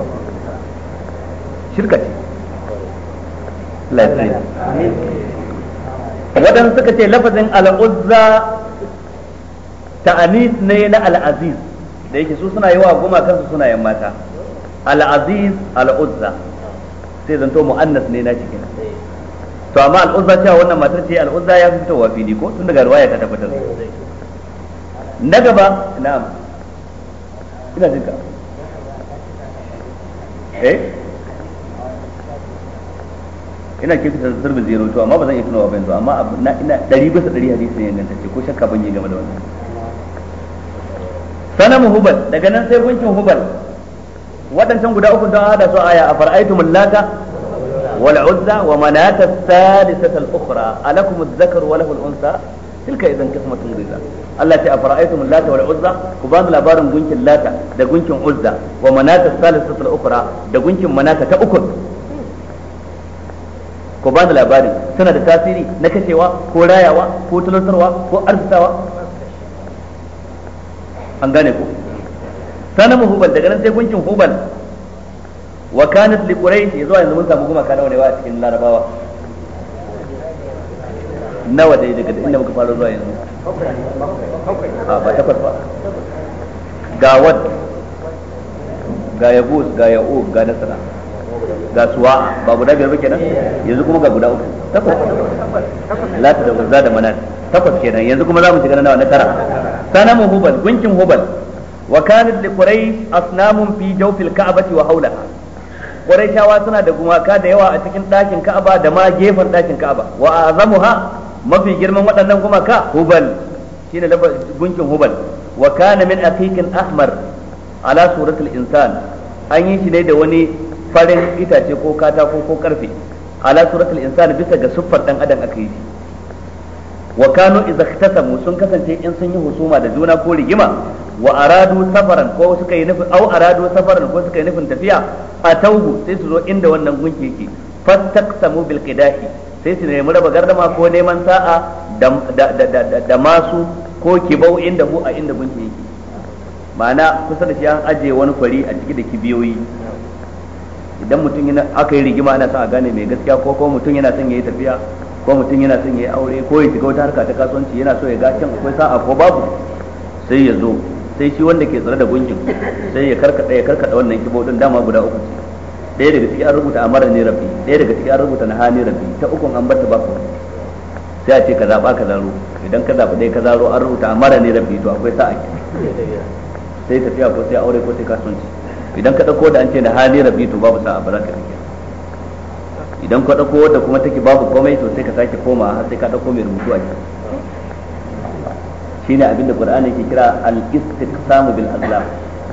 shirka ce lafiya waɗanda suka ce lafazin al'uzza ta'anis ne na al'aziz da yake su suna yi wa kansu suna yan mata al-aziz al-uzza sai zanto mu'annas ne na cikin to amma al-uzza cewa wannan matar ce al-uzza ya fi fitowa fili ko tun daga riwaya ta tabbatar na gaba na, ina jinka eh ina ke fitar da zero to amma ba zan iya tunawa ba yanzu amma na ina ɗari bisa ɗari hadisi ne ce ko shakka ban yi game da wannan sanamu hubal daga nan sai gunkin hubal waɗancan guda uku don hada su aya a far'aitumul lata wal uzza wa manata thalithata al ukhra alakum adh-dhakar wa lahu al unsa tilka idan qismatun dhiza Allah ta afara'aytum lata wal uzza ku ba labarin gunkin lata da gunkin uzza wa manata thalithata al ukhra da gunkin manata ta uku ku ba mu labarin suna da tasiri na kashewa ko rayawa ko talautarwa ko arzikawa an gane ku sanamu hubal daga nan sai gunkin hubal wa kanat li quraish yazo yanzu mun samu gumaka nawa ne wa cikin larabawa nawa dai daga inda muka fara zuwa yanzu a ba takwas ba ga wad ga yabus ga ya'u ga nasara ga suwa ba guda biyar ba kenan yanzu kuma ga guda uku takwas lati da uzza da manan, takwas kenan yanzu kuma za mu shiga na nawa na tara sanamu hubal gunkin hubal wa kanat li quraish asnamun fi jawfil ka'bati wa hawlaha quraishawa suna da gumaka da yawa a cikin dakin ka'aba da ma gefen dakin ka'aba wa azamuha mafi girman waɗannan gumaka hubal shine gunkin hubal wa kana min aqiqin ahmar ala suratul insan an yi shi ne da wani farin itace ko katako ko karfe ala suratul insan bisa ga siffar dan adam aka yi wa kanu idza ihtasamu sun kasance in sun yi husuma da juna ko rigima wa aradu safaran ko suka yi nufin au aradu safaran ko suka yi nufin tafiya atauhu sai su zo inda wannan gunki yake fastaqsamu bil qidahi sai su nemi raba gardama ko neman sa'a da masu ko kibau inda hu a inda gunki yake ma'ana kusa da shi an ajiye wani kwari a ciki da kibiyoyi idan mutum yana aka yi rigima ana son a gane mai gaskiya ko ko mutum yana son ya yi tafiya ko mutum yana son ya yi aure ko ya shiga wata harka ta kasuwanci yana so ya ga can akwai sa'a ko babu sai ya zo sai shi wanda ke tsare da gungin sai ya karkada ya karkada wannan kibodin dama guda uku ce ɗaya daga ciki an rubuta amara ne rabbi ɗaya daga cikin an rubuta nahani rabbi ta ukun an bar ta ba sai a ce ka zaɓa ka zaro idan ka zaɓa ɗaya ka zaro an rubuta amara ne rabbi to akwai sa'a sai tafiya ko sai aure ko sai kasuwanci idan ka ɗauko da an ce nahani rabbi to babu sa'a ba za ka tafiya idan ka dauko wadda kuma take babu komai to sai ka sake koma har sai ka dauko mai rubutu a jiki shine abinda qur'ani ke kira al-istiqsamu bil azlam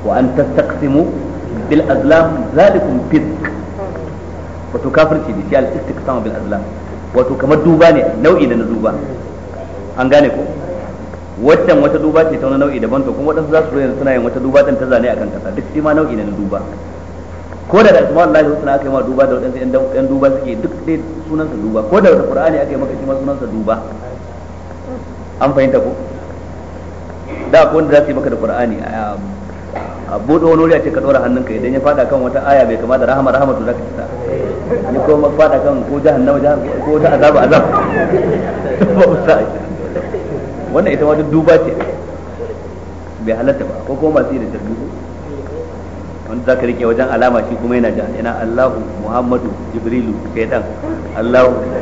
wa an tastaqsimu bil azlam zalikum fisq wato kafirci ne shi al-istiqsamu bil azlam wato kamar duba ne nau'i da na duba an gane ko waccan wata duba ce ta wani nau'i daban to kuma wadansu za su zo yanzu suna yin wata duba din ta zane akan kasa duk shi ma nau'i ne na duba ko da asma'ul lahi husna aka yi ma duba da wadansu yan duba suke duk dai sunan sa duba ko da qur'ani aka yi maka shi ma sunan sa duba an fahimta ko da ko wanda za su yi maka da qur'ani a buɗe wani wuri a ce ka ɗora hannunka idan ya fada kan wata aya bai kama da rahama rahama to zaka tsaya ni ko ma fada kan ko jahannama jahannama ko ta azaba azab ba usa wannan ita ma duk duba ce bai halatta ba ko kuma masu yi da tarbiyyar wanda zaka rike wajen alama shi kuma yana da yana Allahu Muhammadu Jibrilu kai dan Allahu